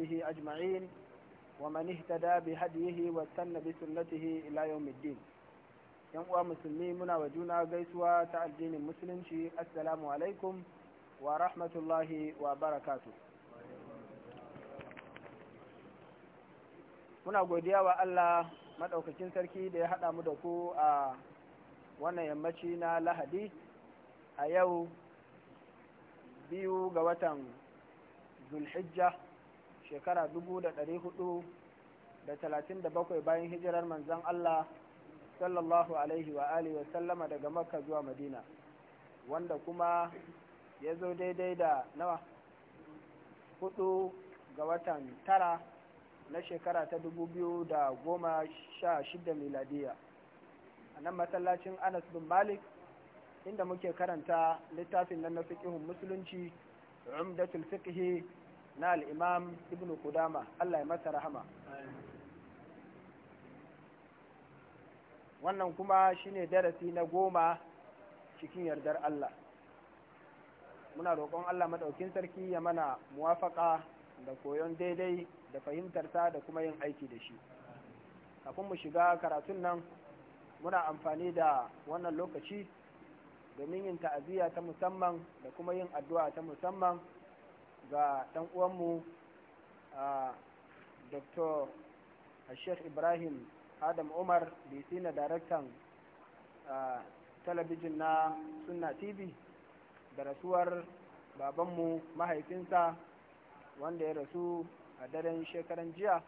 وصحبه أجمعين ومن اهتدى بهديه yan uwa musulmi muna wa juna gaisuwa ta addinin musulunci asalamu alaikum wa rahmatullahi wa barakatu muna godiya wa Allah maɗaukacin sarki da ya haɗa mu da ku a wannan yammaci na lahadi a yau biyu ga watan zulhijja shekara dubu da ɗari hudu da talatin da bakwai bayan hijirar manzan Allah sallallahu alaihi wa alihi wa sallama daga makka zuwa madina wanda kuma ya zo daidai da nawa hudu ga watan tara na shekara ta dubu biyu da goma sha shida miladiya a nan masallacin anas bin malik inda muke karanta littafin nan na fiƙihun musulunci umdatul fiqhi na al'imam ibn kudama Allah ya masa rahama wannan kuma shine darasi na goma cikin yardar Allah muna roƙon Allah maɗaukin sarki ya mana muwafaƙa da koyon daidai da fahimtarsa da kuma yin aiki da shi kafin mu shiga karatun nan muna amfani da wannan lokaci domin yin ta'aziyya ta musamman da kuma yin addu'a ta musamman ga ɗan uwanmu a dr sheikh ibrahim adam umar litina daraktan talabijin na sunna tv da rasuwar babanmu mahaifinsa wanda ya rasu a daren shekaran jiya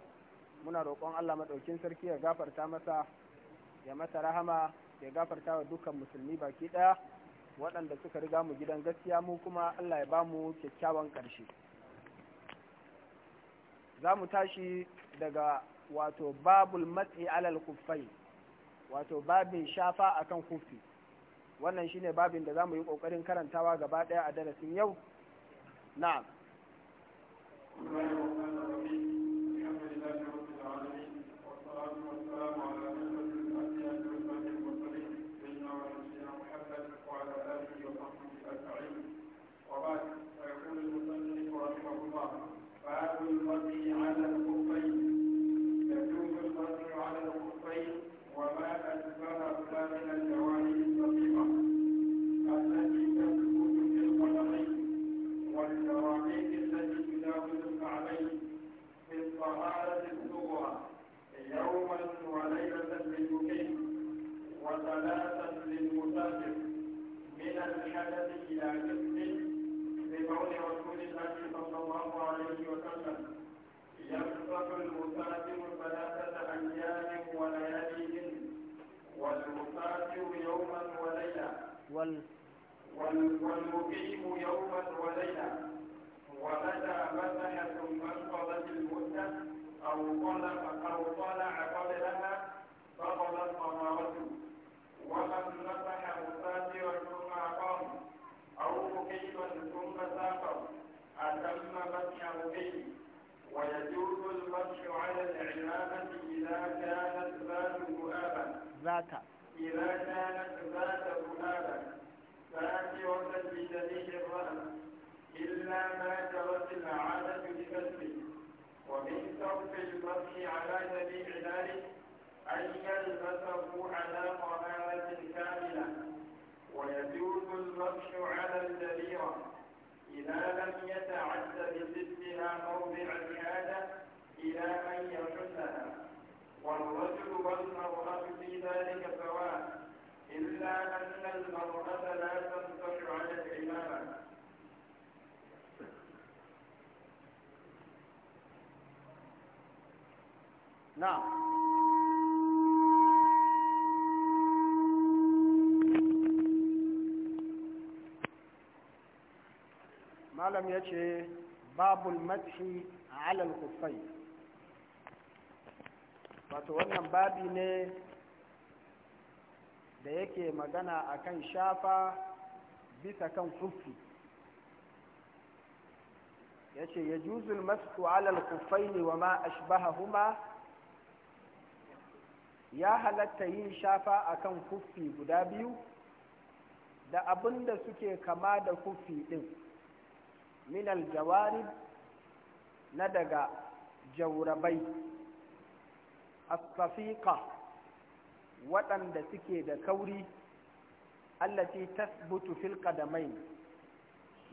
muna roƙon allah maɗaukin sarki ya gafarta masa ya masa rahama ya gafarta wa dukkan musulmi baki ɗaya waɗanda suka riga mu gidan gaskiya mu kuma Allah ya ba mu kyakkyawan ƙarshe za mu tashi daga wato babul matsi alal kuffai wato babin shafa akan kuffi wannan shine babin da za mu yi ƙoƙarin karantawa gaba ɗaya a darasin yau na. أو طلق أو طلع قبلها بطلت طهارته ومن مسح مسافرا ثم أقام أو مقيما ثم سافر أتم مسحه به ويجوز المسح على العمامة إذا كانت ذات ذهابا ذات إذا كانت ذات ذهابا سافرة بدليل الرأس إلا ما جرت العادة بكسبه ومن صرف المسح على سبيل ذلك أن يلبسه على طهارة كاملة ويجوز المسح على الجريرة إذا لم يتعد بسدها موضع الحاجة إلى أن يحلها والرجل والمرأة في ذلك سواء إلا أن المرأة لا تمسح على الإمامة malam ya ce babul mathi a al-kuffai wato wannan babi ne da yake magana a kan shafa bisa kan kufi ya ce ya juzul masu alal ne wa ma huma. ya halatta yin shafa a kan kufi guda biyu da abin da suke kama da kuffi ɗin minal jawarib na daga jaurabai Asfafika, waɗanda suke da kauri allati tasbutu fil mai,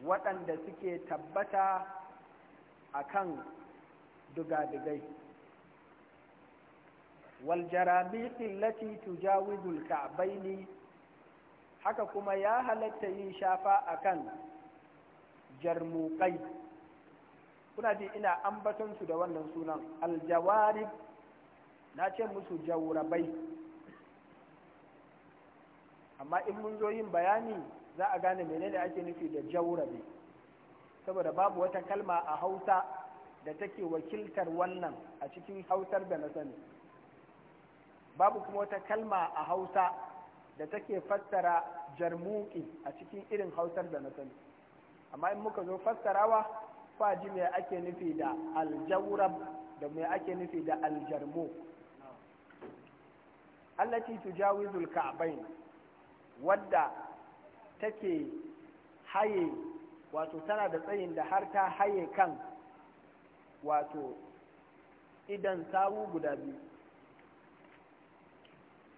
waɗanda suke tabbata a kan dugadugai. والجرابيق التي تجاوز الكعبين haka kuma ya halatta yin shafa a kan jarmuƙai kuna ji ina ambatonsu da wannan sunan aljawari na ce musu jaurabai amma in mun zo yin bayani za a gane menene ake nufi da jaurabi saboda babu wata kalma a hausa da take wakiltar wannan a cikin hausar da na sani babu kuma wata kalma a hausa da take fassara jarmuki a cikin irin hausar da na sani amma in muka zo fassarawa fa ji me ake nufi da aljawrab da me ake nufi da aljarmu allati tujawizul kabain wadda take haye wato tana da tsayin da har ta haye kan wato idan sawu guda biyu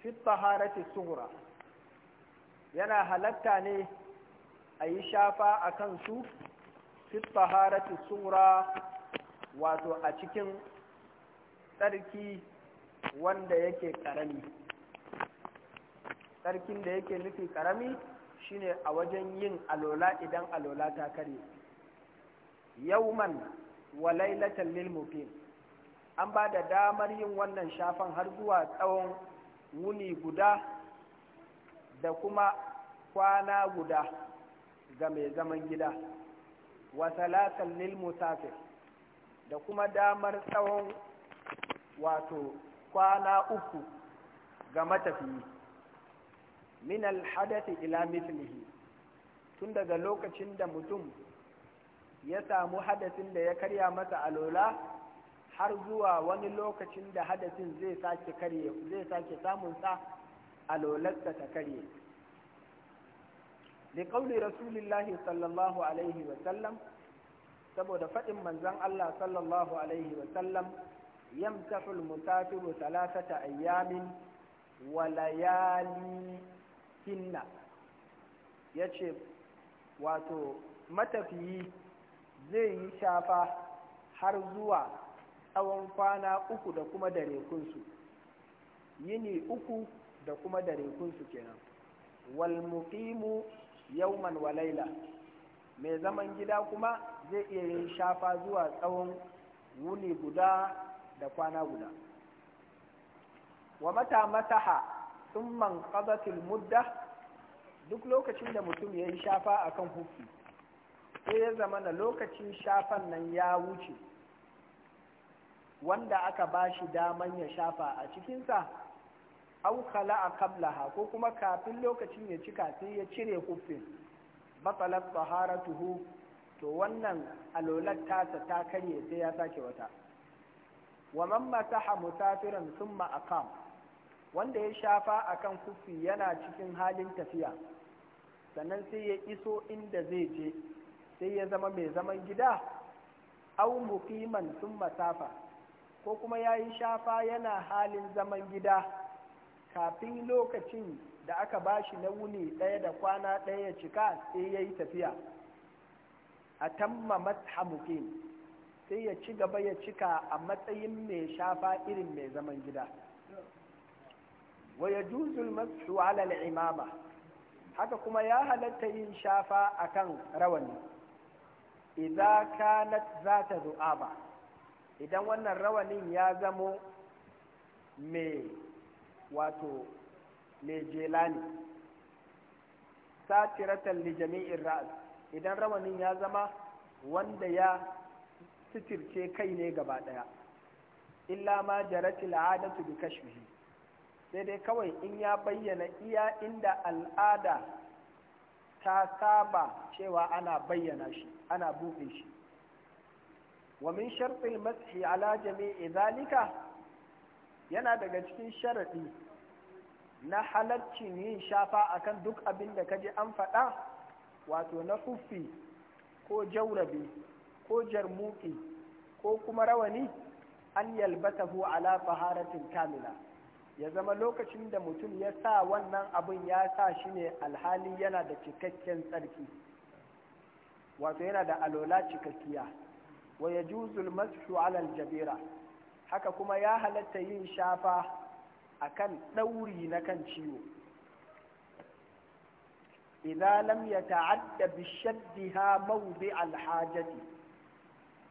fi taharati sughra yana halatta ne a yi shafa a kansu fi taharati sughra wato a cikin tsarki wanda yake karami tsarkin da yake nufi karami shine a wajen yin alola idan alola ta kare yauman wa lailatan lil an ba da damar yin wannan shafan har zuwa tsawon wuni guda da kuma kwana guda ga mai zaman gida wa salatan lil musafir da kuma damar tsawon wato kwana uku ga matafiyi min alhadathi ila mithlihi tun daga lokacin da mutum ya samu hadasin da ya karya masa alola har zuwa wani lokacin da hadasin zai sake karye zai sake samun sa lolarsa ta karye da kauli rasulullahi sallallahu alaihi wasallam saboda faɗin manzon Allah sallallahu alaihi wasallam yamtahul mutafiru talatata ayyamin wa layali hinna yace wato matafiyi zai yi shafa har zuwa tsawon kwana uku da kuma darekunsu yini uku da kuma darekunsu kenan wal muqimu yawman wa laila mai zaman gida kuma zai iya yin shafa zuwa tsawon wuni guda da kwana guda wa mata mataha sun man mudda duk lokacin da mutum ya yi shafa akan hukki sai ya zama lokacin shafan nan ya wuce wanda aka ba shi daman ya shafa a cikinsa au a kablaha ko kuma kafin lokacin ya cika sai ya cire huffin tsohara tuhu. to wannan alolar tasa ta karye sai ya sake wata wa man mataha musafiran sun ma'akam wanda ya shafa a kan kufi yana cikin halin tafiya sannan sai ya iso inda zai je sai ya zama mai zaman gida au muqiman sun masafa. ko kuma ya yi shafa yana halin zaman gida kafin lokacin da aka ba shi na wuni ɗaya da kwana ɗaya ya cika sai ya yi tafiya a tamma mathamukin sai ya ci gaba ya cika a matsayin mai shafa irin mai zaman gida waya masu alal imama haka kuma ya halatta yin shafa a kan rawani idan kanat zata ba? idan wannan rawanin ya zamo mai wato mai jelani satiratan li jami'in ra'as idan rawanin ya zama wanda ya sitirce kai ne gaba daya illa ma jarati al'adatu bi kashfihi sai dai kawai in ya bayyana iya inda al'ada ta saba cewa ana bayyana shi ana buɗe shi wa min sharfil mashi ala jami'i zalika yana daga cikin sharaɗi na halarcin yin shafa akan duk abin da kaji an faɗa wato na fuffi ko jaurabi ko jarmuki ko kuma rawani an yalbatahu ala faharatin kamila ya zama lokacin da mutum ya sa wannan abin ya sa shi ne alhali yana da cikakken tsarki wato yana da alola cikakkiya wa yajuzu mashu 'ala haka kuma ya halatta yin shafa akan ɗauri na kan ciwo idza lam yata'adda bi shaddiha mawdi' alhajati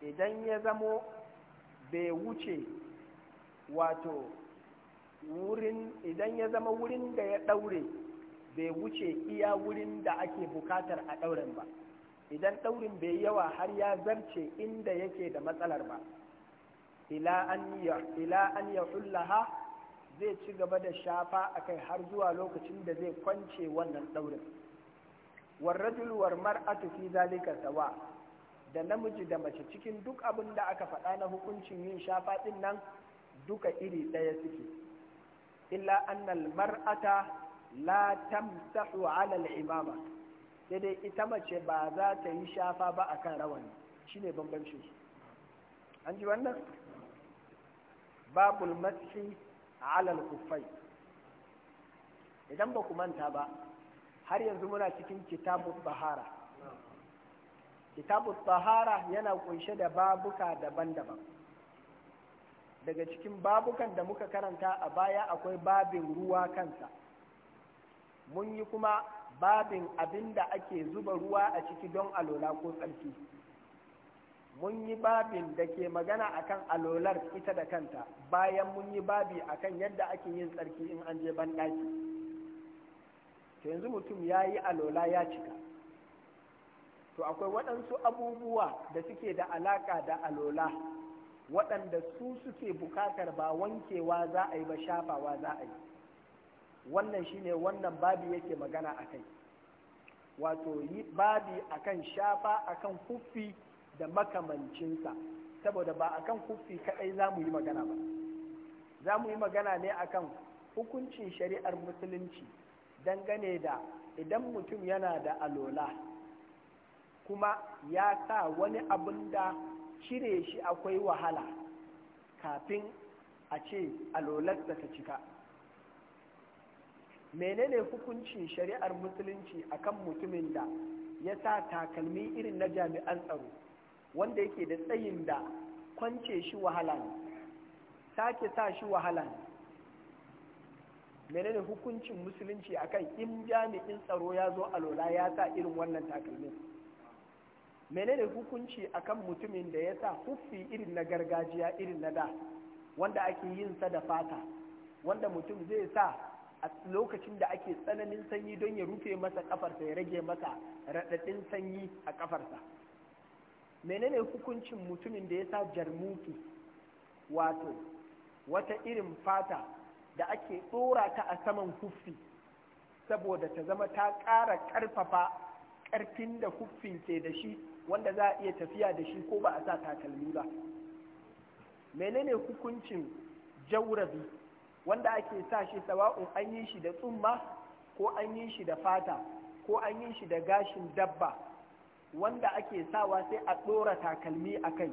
idan ya zamo bai wuce wato wurin idan ya zama wurin da ya daure bai wuce iya wurin da ake bukatar a ɗauren ba idan ɗaurin bai yawa har ya zarce inda yake da matsalar ba ila an ya hullaha zai ci gaba da shafa akai har zuwa lokacin da zai kwance wannan ɗaurin warrajulwar war mar'atu fi zalika sawa da namiji da mace cikin duk abin da aka faɗa na hukuncin yin shafa ɗin nan duka iri ɗaya suke illa annal mar'ata la tamsahu ala al-imama Daidai ita mace ba za ta yi shafa ba akan rawani ne bambancin su an ji wannan babul matsi a alal kuffai idan ba ku manta ba har yanzu muna cikin kitabut bahara kitabut bahara yana kunshe da babuka daban-daban daga cikin babukan da muka karanta a baya akwai babin ruwa kansa mun yi kuma babin abin da ake zuba ruwa a ciki don alola ko tsarki mun yi babin da ke magana akan alolar ita da kanta bayan mun yi babi akan yadda ake yin tsarki in an je banɗaki ta yanzu mutum ya yi alola ya cika to akwai waɗansu abubuwa da suke da alaƙa da alola waɗanda su suke bukatar ba wankewa za a yi ba shafawa za a yi wannan shine wannan babi yake magana a kai wato yi babi akan shafa akan kufi da makamancinsa saboda ba akan kufi kadai za mu yi magana ba za mu yi magana ne akan hukuncin shari'ar musulunci dangane da idan mutum yana da alola kuma ya sa wani abin da cire shi akwai wahala kafin a ce alolarsa ta cika menene hukuncin shari'ar musulunci akan mutumin da ya sa takalmi irin na jami'an tsaro wanda yake da tsayin da kwance shi wahala ne sake sa shi wahala ne menene hukuncin musulunci akan in jami'in tsaro ya zo a lola ya sa irin wannan takalmin menene hukunci akan mutumin da ya sa huffi irin na gargajiya irin na da wanda ake yin sa da fata wanda mutum zai sa a lokacin da ake tsananin sanyi don ya rufe masa kafarsa ya rage masa raɗaɗin sanyi a kafarsa menene hukuncin mutumin da ya sa jarmuki wato wata irin fata da ake ɗora ta a saman huffi saboda ta zama ta ƙara ƙarfafa ƙarfin da huffin ke da shi wanda za a iya tafiya da shi ko ba a sa takalmi ba menene hukuncin jaurabi wanda ake sa shi sawa'un an yi shi da tsumma ko an yi shi da fata ko an yi shi da gashin dabba wanda ake sawa sai a ɗora takalmi a kai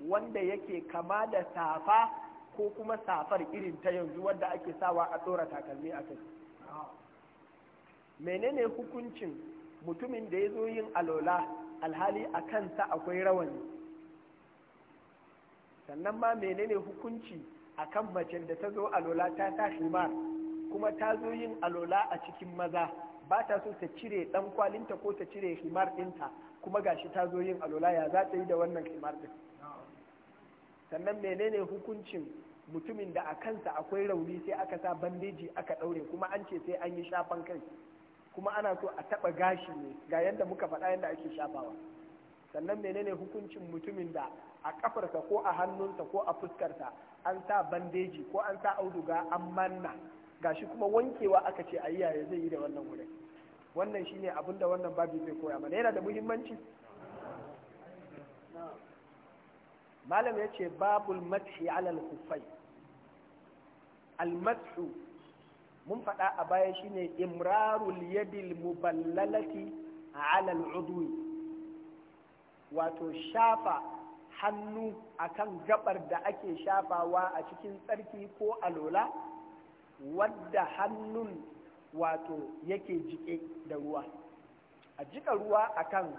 wanda yake kama da safa ko kuma safar irin ta yanzu wanda ake sawa a ɗora takalmi a kai menene hukuncin mutumin da ya zo yin alola alhali a kansa akwai rawani sannan ma menene hukunci akan mace da ta zo alola ta ta himar kuma ta zo yin alola a cikin maza ba ta so ta cire dan kwalinta ko ta cire himar ɗinta kuma gashi ta zo yin alola ya za ta yi da wannan himar ɗin sannan menene hukuncin mutumin da a kansa akwai rauni sai aka sa bandeji aka ɗaure kuma an ce sai an yi shafan kai kuma ana so a taɓa gashi ne ga yadda muka faɗa yadda ake shafawa sannan menene hukuncin mutumin da a kafarsa ko a hannunta ko a fuskarsa an sa bandeji ko an sa auduga an manna Ga shi kuma wankewa aka ce a yaya zai yi da wannan wuri wannan shine abin da wannan babi zai koya mana yana da muhimmanci malam ya ce babul mathi alal kufai al mathu mun faɗa a baya shine imrarul yadil muballalati alal udwi wato shafa hannu akan gabar da ake shafawa a cikin tsarki ko alola wadda hannun wato yake jike da ruwa a jika ruwa akan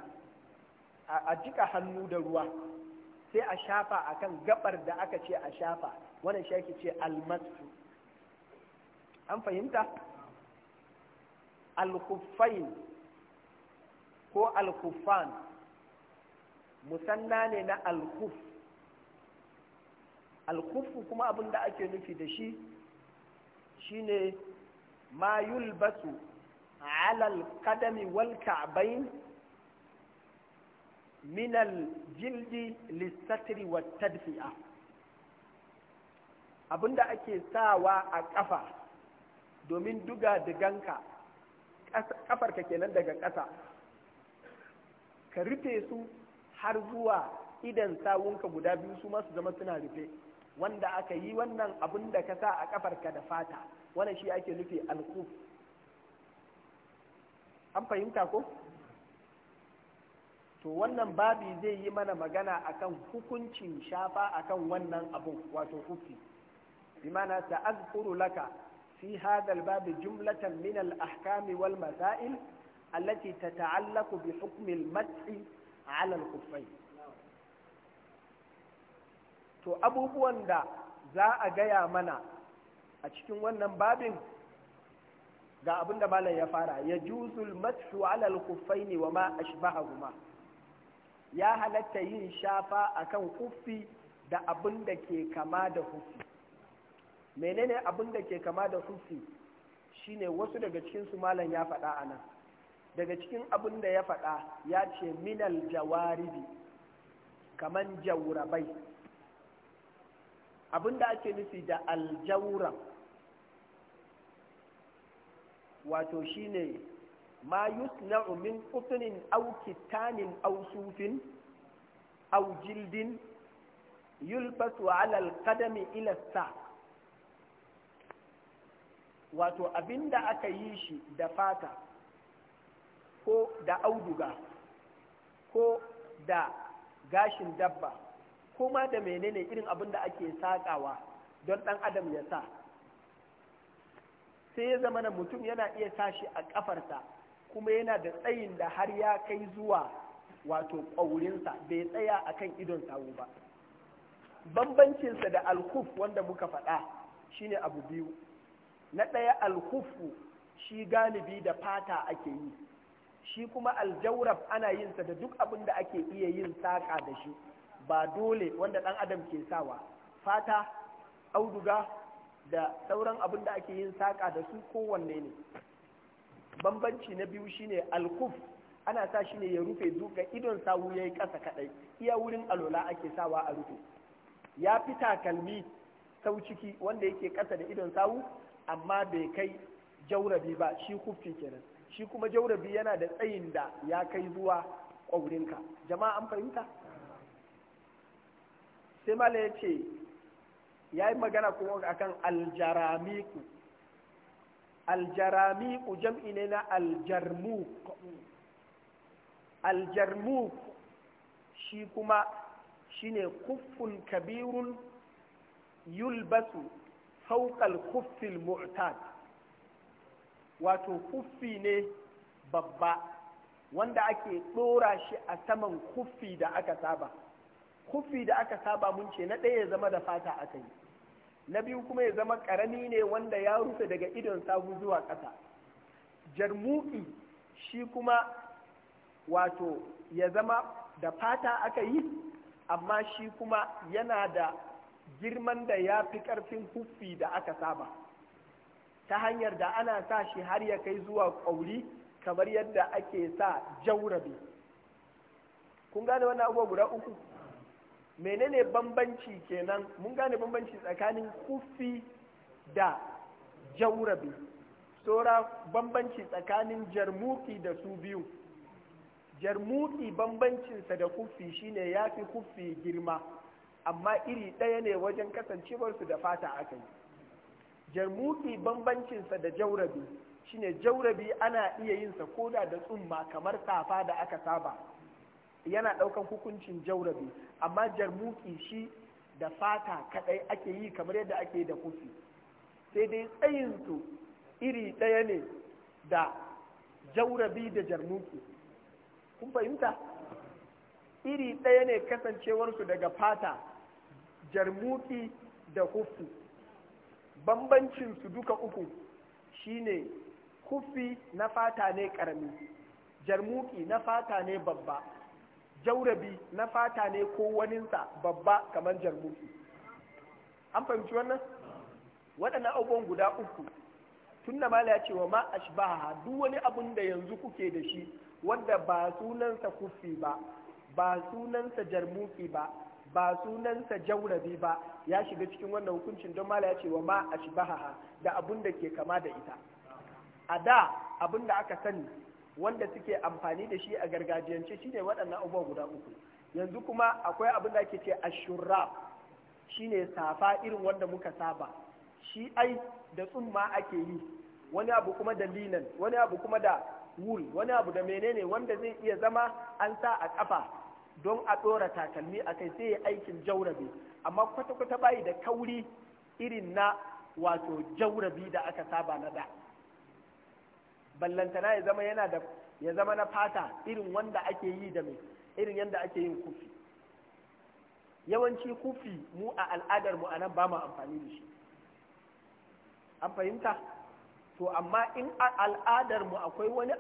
a jika hannu da ruwa sai a shafa akan gabar da aka ce a shafa wannan shi ce almasu an fahimta alkufain ko alkufan musanna ne na alkuf alkufu kuma abin da ake nufi da shi shine ma yulbasu alal kadami wal ka'bain min jildi lisatri wa tadfi'a da ake sawa a ƙafa domin duga diganka kafarka kenan daga ƙasa ka rufe su har zuwa idan sawunka guda biyu su masu zama suna rufe wanda aka yi wannan abin da ka sa a kafarka da fata wannan shi ake nufi alku an fahimta ko to wannan babi zai yi mana magana akan hukuncin shafa akan wannan abun wato kufi bimana azkuru laka fi hadal babi jumlatan min al-ahkam wal masail allati tata'allaqu bi hukm al-mat'i alal kufai to abubuwan da za a gaya mana a cikin wannan babin ga abin da malam ya fara ya juzul matsu alal kufai ne wa ma ya halatta yin shafa akan kufi da abin da ke kama da kufi menene abin da ke kama da kufi shine wasu daga cikin su malam ya faɗa a nan daga cikin abin da ya faɗa ya ce minal jawaribi kaman jaurabai abin da ake nufi da aljauram wato shine ma yusna'u min utunin aw kitanin aw sufin aw jildin yulbasu ala alqadami ila sa wato abinda aka yi shi da fata ko da auduga ko da gashin dabba ko ma da menene irin abin da ake saƙawa don ɗan adam ya sa sai ya zama na mutum yana iya tashi a ƙafarsa kuma yana da tsayin da har ya kai zuwa wato ƙaurinsa bai tsaya a kan idon sawu ba bambancinsa da alkuf wanda muka faɗa shine abu biyu na ɗaya alkufu shi galibi da fata ake yi shi kuma aljawrab ana yin sa da duk abin da ake iya yin saƙa da shi ba dole wanda ɗan adam ke sawa fata auduga da sauran abin da ake yin saƙa da su kowanne ne bambanci na biyu shine alkuf ana sa shi ne ya rufe duka idon sawu ya yi ƙasa kaɗai iya wurin alola ake sawa a rufe ya fi takalmi sau ciki wanda yake ƙasa da idon sawu amma bai kai jaurabi ba shi kufi kenan shi kuma jaurabi yana da tsayin da ya kai zuwa ƙwaurinka jama'a an fahimta sai mala ya ce ya yi magana kuma kan aljaramiku aljaramiku jam'i ne na Aljarmu. Aljarmu shi kuma shi ne kuffun kabirun yulbasu fauƙal kuffin mu'tad wato huffi ne babba wanda ake ɗora shi a saman huffi da aka saba huffi da aka saba mun ce na ɗaya ya zama da fata aka yi na biyu kuma ya zama ƙarami ne wanda ya rufe daga idon sabu zuwa ƙasa jarmuki shi kuma wato ya zama da fata aka yi amma shi kuma yana da girman da ya fi ƙarfin huffi da aka saba ta hanyar da ana sa shi har ya kai zuwa ƙauri kamar yadda ake sa jaurabi kun gane wannan abubuwa guda uku menene bambanci kenan mun gane bambanci tsakanin kufi da jaurabi Sora bambanci tsakanin jarmuki da su biyu jarmuki bambancinsa da kufi shine ya fi kufi girma amma iri ɗaya ne wajen kasancewarsu da fata aka yi jarmuki bambancinsa da jaurabi shine jaurabi ana iya yin sa koda da tsumma kamar safa da aka saba yana daukan hukuncin jaurabi amma jarmuki shi da fata kadai ake yi kamar yadda ake da kufi sai dai tsayinsu iri ɗaya ne da jaurabi da jarmuki kun fahimta iri ɗaya ne kasancewarsu daga fata jarmuki da kufi bambancin su duka uku shine kufi na fata ne karami jarmuki na fata ne babba jaurabi na fata ne ko waninsa babba kamar jarmuki an fahimci wannan waɗannan abubuwan guda uku tun da mala ya ce wa ma ashbaha duk wani abun da yanzu kuke da shi wanda ba sunansa kufi ba ba sunansa jarmuki ba ba sunansa jaurabi ba ya shiga cikin wannan hukuncin don mala ya ce wa ma ashbahaha da abun da ke kama da ita a da abun da aka sani wanda suke amfani da shi a gargajiyance shine waɗannan abubuwa guda uku yanzu kuma akwai abin da ake ce shurraf shine safa irin wanda muka saba shi ai da tsumma ake yi wani abu kuma da linen wani abu kuma da Wul. wani abu da menene wanda zai iya zama an sa a kafa don a ɗora takalmi a kai sai ya aikin jaurabi amma kwata-kwata bayi da kauri irin na wato jaurabi da aka saba na da ballantana ya zama yana da ya zama na fata irin wanda ake yi da mai irin yadda ake yin kufi yawanci kufi mu a al'adar mu anan ba mu amfani da shi an fahimta to amma in al'adar mu akwai wani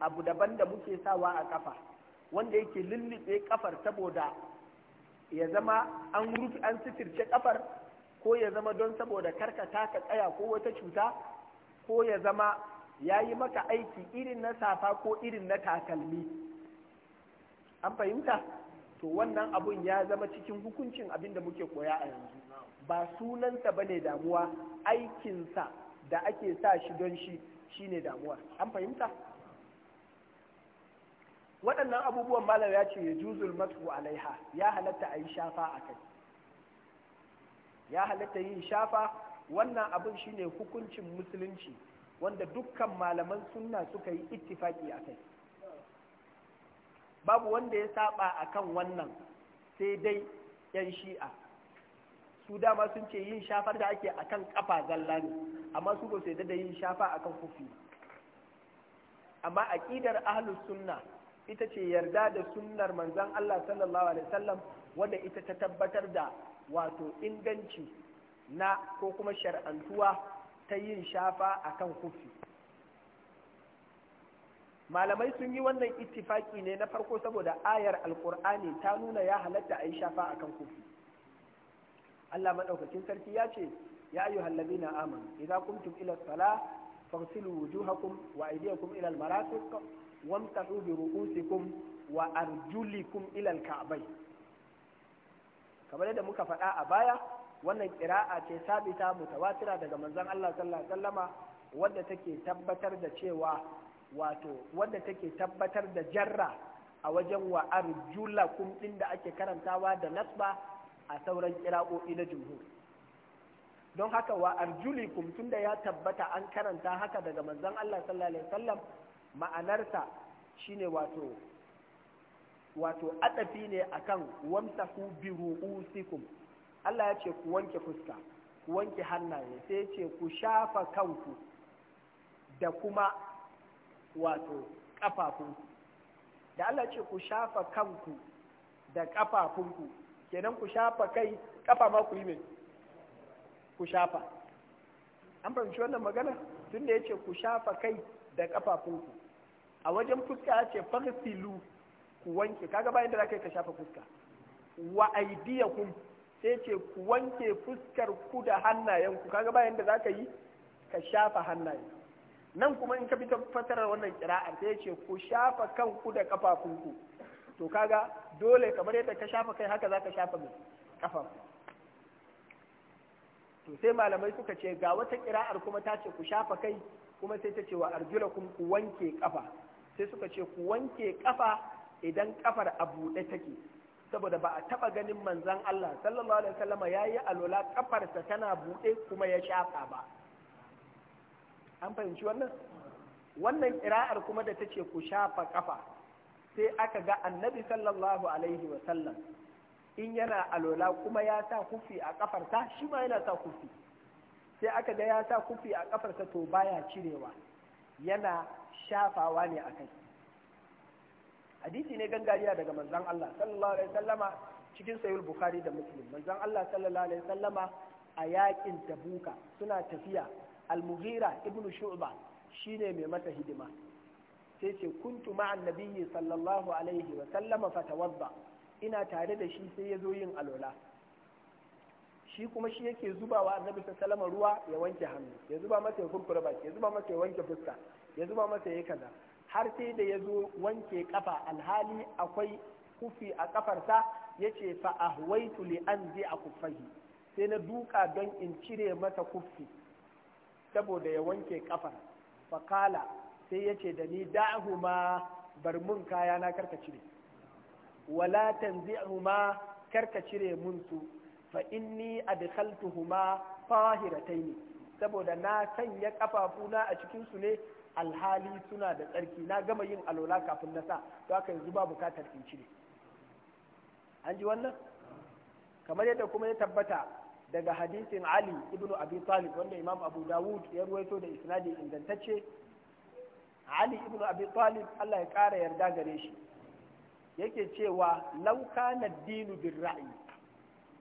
abu daban da muke sawa a kafa wanda yake lullube kafar saboda ya zama an rufi an sitirce kafar ko ya zama don saboda karkata ka tsaya ko wata cuta ko ya zama ya yi maka aiki irin na safa ko irin na takalmi an fahimta to wannan abun ya zama cikin hukuncin abin da muke koya a yanzu ba sunansa ba ne damuwa aikinsa da ake sa shi don shi shine damuwa an fahimta waɗannan abubuwan malam ya ce ya juzul masu alaiha ya halatta a yi shafa a kai ya halatta yin shafa wannan abin shine hukuncin musulunci wanda dukkan malaman sunna suka yi ittifaki a kai babu wanda ya saba a kan wannan sai dai yan shi'a su dama sun ce yin shafar da ake akan kafa zalla ne amma su ba su yadda da yin shafa akan kufi amma aƙidar ahlus sunna ita ce yarda da sunnar manzan Allah sallallahu alaihi wasallam wanda ita ta tabbatar da wato inganci na ko kuma shar'antuwa ta yin shafa akan kufi malamai sun yi wannan ittifaki ne na farko saboda ayar alkur'ani ta nuna ya halatta a yi shafa akan kufi Allah maɗaukakin sarki ya ce ya ayyuhal ladina amanu idza kumtum ila salah faghsilu wujuhakum wa aydiyakum ila al wamtahu bi ru'usikum wa arjulikum ila al-ka'bay kamar yadda muka faɗa a baya wannan ƙira'a ce sabita mutawatira daga manzon Allah sallallahu alaihi wasallama wadda take tabbatar da cewa wato wadda take tabbatar da jarra a wajen wa arjulakum din da ake karantawa da nasba a sauran ƙira'o'i na jumhur don haka wa arjulikum tunda ya tabbata an karanta haka daga manzon Allah sallallahu alaihi wasallam ma'anarsa shine wato wato adafi ne akan wamsahu bi ru'usikum Allah ya ce ku wanke fuska ku wanke hannaye sai ya ce ku shafa kanku da kuma wato kafafunku da Allah ce ku shafa kanku da kafafunku kenan ku shafa kai kafa ma ku yi mai ku shafa an fahimci wannan magana tun da ya ce ku shafa kai da ƙafafunku. a wajen fuska ya ce fagsilu ku wanke kaga bayan da zaka ka shafa fuska wa aydiyakum sai ce ku wanke fuskar ku da hannayenku kaga bayan da zaka yi ka shafa hannaye nan kuma in ka bi ta fasarar wannan kira'a sai ce ku shafa kanku da kafafunku to kaga dole kamar yadda ka shafa kai haka zaka shafa mai kafafu to sai malamai suka ce ga wata kira'ar kuma ta ce ku shafa kai kuma sai ta ce wa arjulakum ku wanke kafa sai suka ce ku wanke kafa idan kafar a buɗe take saboda ba a taɓa ganin manzan Allah sallallahu alaihi wasallam ya yi alola kafarsa tana buɗe kuma ya shafa ba an fahimci wannan wannan kira'ar kuma da tace ku shafa kafa sai aka ga annabi sallallahu alaihi wasallam in yana alola kuma ya sa kufi a kafarsa shi ma yana sa kufi sai aka ga ya sa kufi a kafarsa to baya cirewa yana shafawa ne a kai hadisi ne gangariya daga manzan Allah sallallahu alaihi wasallama cikin sayul bukhari da muslim manzan Allah sallallahu alaihi wasallama a yakin tabuka suna tafiya al-mughira ibnu shu'ba shine mai mata hidima sai ce kuntu ma'an nabiyyi sallallahu alaihi wa sallama fatawadda ina tare da shi sai ya zo yin alola shi kuma shi yake zuba wa annabi sallallahu ruwa ya wanke hannu ya zuba masa ya kurkure baki ya zuba masa ya wanke fuska ya zuba masa ya kaza har sai da ya zo wanke kafa alhali akwai kufi a kafarsa ya ce fa ahwaitu li anzi a kufahi. sai na duka don in cire masa kufi saboda ya wanke kafar fakala sai yace da ni da'ahu ma bar mun kaya na karka cire wala tanzi'u ma karka cire mun su fa inni adkhaltuhuma tahirataini saboda na sanya kafafuna a cikin su ne alhali suna da tsarki na gama yin alola kafin na sa to aka yanzu ba bukatar in cire an ji wannan kamar yadda kuma ya tabbata daga hadisin Ali ibn Abi Talib wanda Imam Abu Dawud ya ruwaito da isnadi ingantacce Ali ibn Abi Talib Allah ya kara yarda gare shi yake cewa lauka kana dinu bir ra'ayi.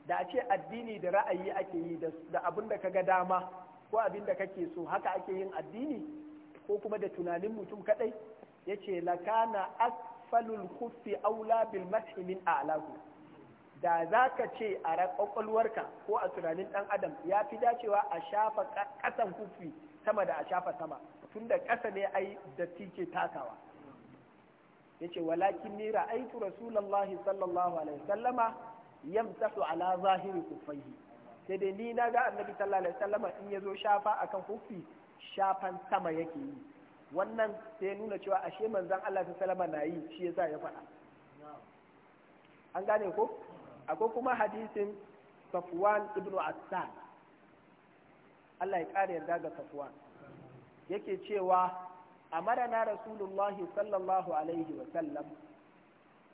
da a ce addini da ra'ayi ake yi da abin da kaga dama ko abin da kake so haka ake yin addini ko kuma da tunanin mutum kadai yace lakana asfalul kufi aula bil mashi min a'lahu da za ka ce a kwakwalwarka ko a tunanin ɗan adam ya fi dacewa a shafa kasan kufi sama da a shafa sama tunda ƙasa ne ai datti ke takawa yace walakin ni ra'aitu rasulullahi sallallahu alaihi sallama yamsahu ala zahiri kuffaihi sai dai ni na ga annabi sallallahu alaihi wasallam in yazo shafa akan kufi shafan sama yake yi wannan sai nuna cewa ashe manzon Allah sallallahu alaihi wasallam na yi shi yasa ya faɗa an gane ko akwai kuma hadisin Safwan ibn Assan Allah ya ƙara yarda ga Safwan yake cewa na rasulullahi sallallahu alaihi wasallam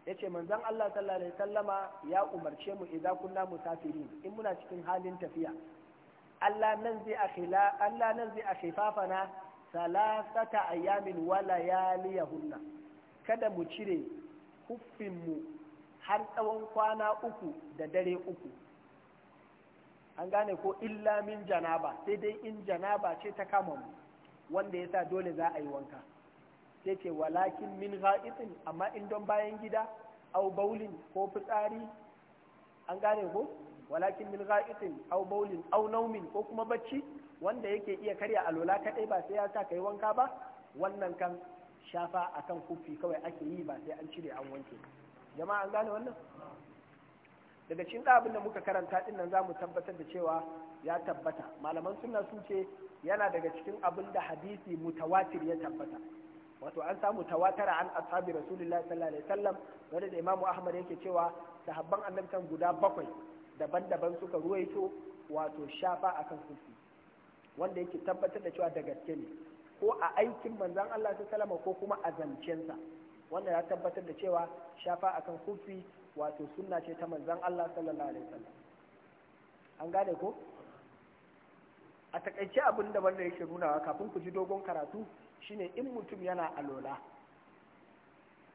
yace manzon Allah sallallahu alaihi sallama ya umarce mu idza kunna musafirin in muna cikin halin tafiya Allah nan zai a Allah nan zai akhifafana salasata ayamin wa layaliyahunna kada mu cire huffin mu har tsawon kwana uku da dare uku an gane ko illa min janaba sai dai in janaba ce ta kama mu wanda yasa dole za a yi wanka sai ce walakin min ha'itin amma in don bayan gida au baulin ko fitsari an gane ko walakin min ha'itin au baulin au naumin ko kuma bacci wanda yake iya karya alola kadai ba sai ya sa kai wanka ba wannan kan shafa akan kufi kawai ake yi ba sai an cire an wanke jama'a an gane wannan daga cikin abin da muka karanta din nan zamu tabbatar da cewa ya tabbata malaman sunna su ce yana daga cikin abin da hadisi mutawatir ya tabbata wato an samu tawatara an ashabi rasulullahi sallallahu alaihi wasallam wanda da imamu ahmad yake cewa sahabban annabtan guda bakwai daban-daban suka ruwaito wato shafa akan sufi wanda yake tabbatar da cewa da gaske ne ko a aikin manzon Allah sallallahu alaihi ko kuma a zancensa wanda ya tabbatar da cewa shafa akan kufi wato sunna ce ta manzon Allah sallallahu alaihi wasallam an gane ko a takaice abin da wanda yake nunawa kafin ku ji dogon karatu shine in mutum yana alola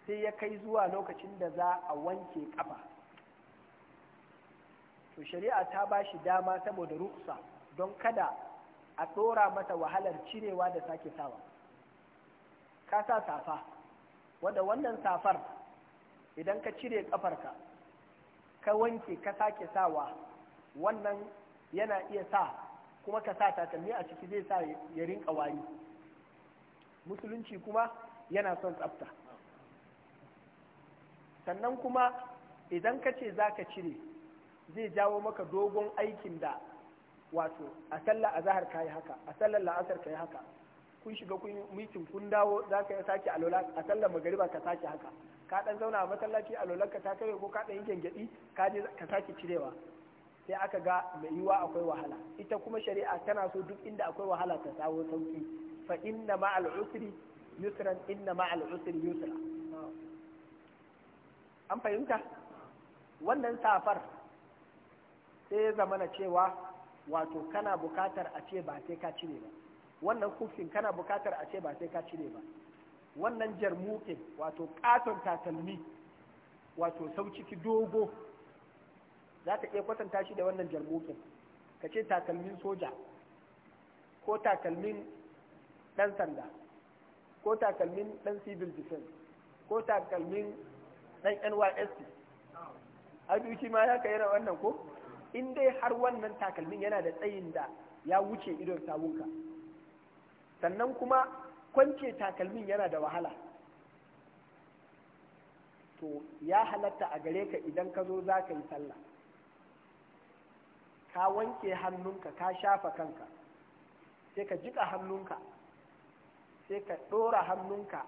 sai ya kai zuwa lokacin da za a wanke kafa to shari'a ta ba shi dama saboda ruksa don kada a tsora mata wahalar cirewa da sake sawa ka sa safa wadda wannan safar idan ka cire kafarka ka wanke ka sake sawa wannan yana iya sa kuma ka sa takalmi a ciki zai sa ya rinka wari musulunci kuma yana son tsafta sannan kuma idan ka ce za ka cire zai jawo maka dogon aikin da wato a sallar azahar ka yi haka a sallar la'asar ka yi haka kun shiga kun mitin kun dawo za ka sake alola a sallar magariba ka sake haka ka dan zauna a masallaci alolar ka ta ko ka dan gyangyaɗi ka je ka sake cirewa sai aka ga mai yiwa akwai wahala ita kuma shari'a tana so duk inda akwai wahala ta sawo sauki fa inna al usri yusran inna al usri yusra an fahimta wannan safar sai ya zamana cewa wato kana bukatar a ce ba sai ka cire ba wannan kufin kana bukatar a ce ba sai ka cire ba wannan jarmuke wato katon takalmi wato sau ciki dogo za ta iya kwatanta shi da wannan jarmukin ka ce takalmin soja ko takalmin ɗan sanda ko takalmin ɗan civil defense ko takalmin ɗan nysc a ma ya yana wannan ko in dai har wannan takalmin yana da tsayin da ya wuce idon sabunka sannan kuma kwance takalmin yana da wahala to ya halatta a gare ka idan ka zo za ka yi sallah ka wanke hannunka ka shafa kanka sai ka jika hannunka sai ka ɗora hannunka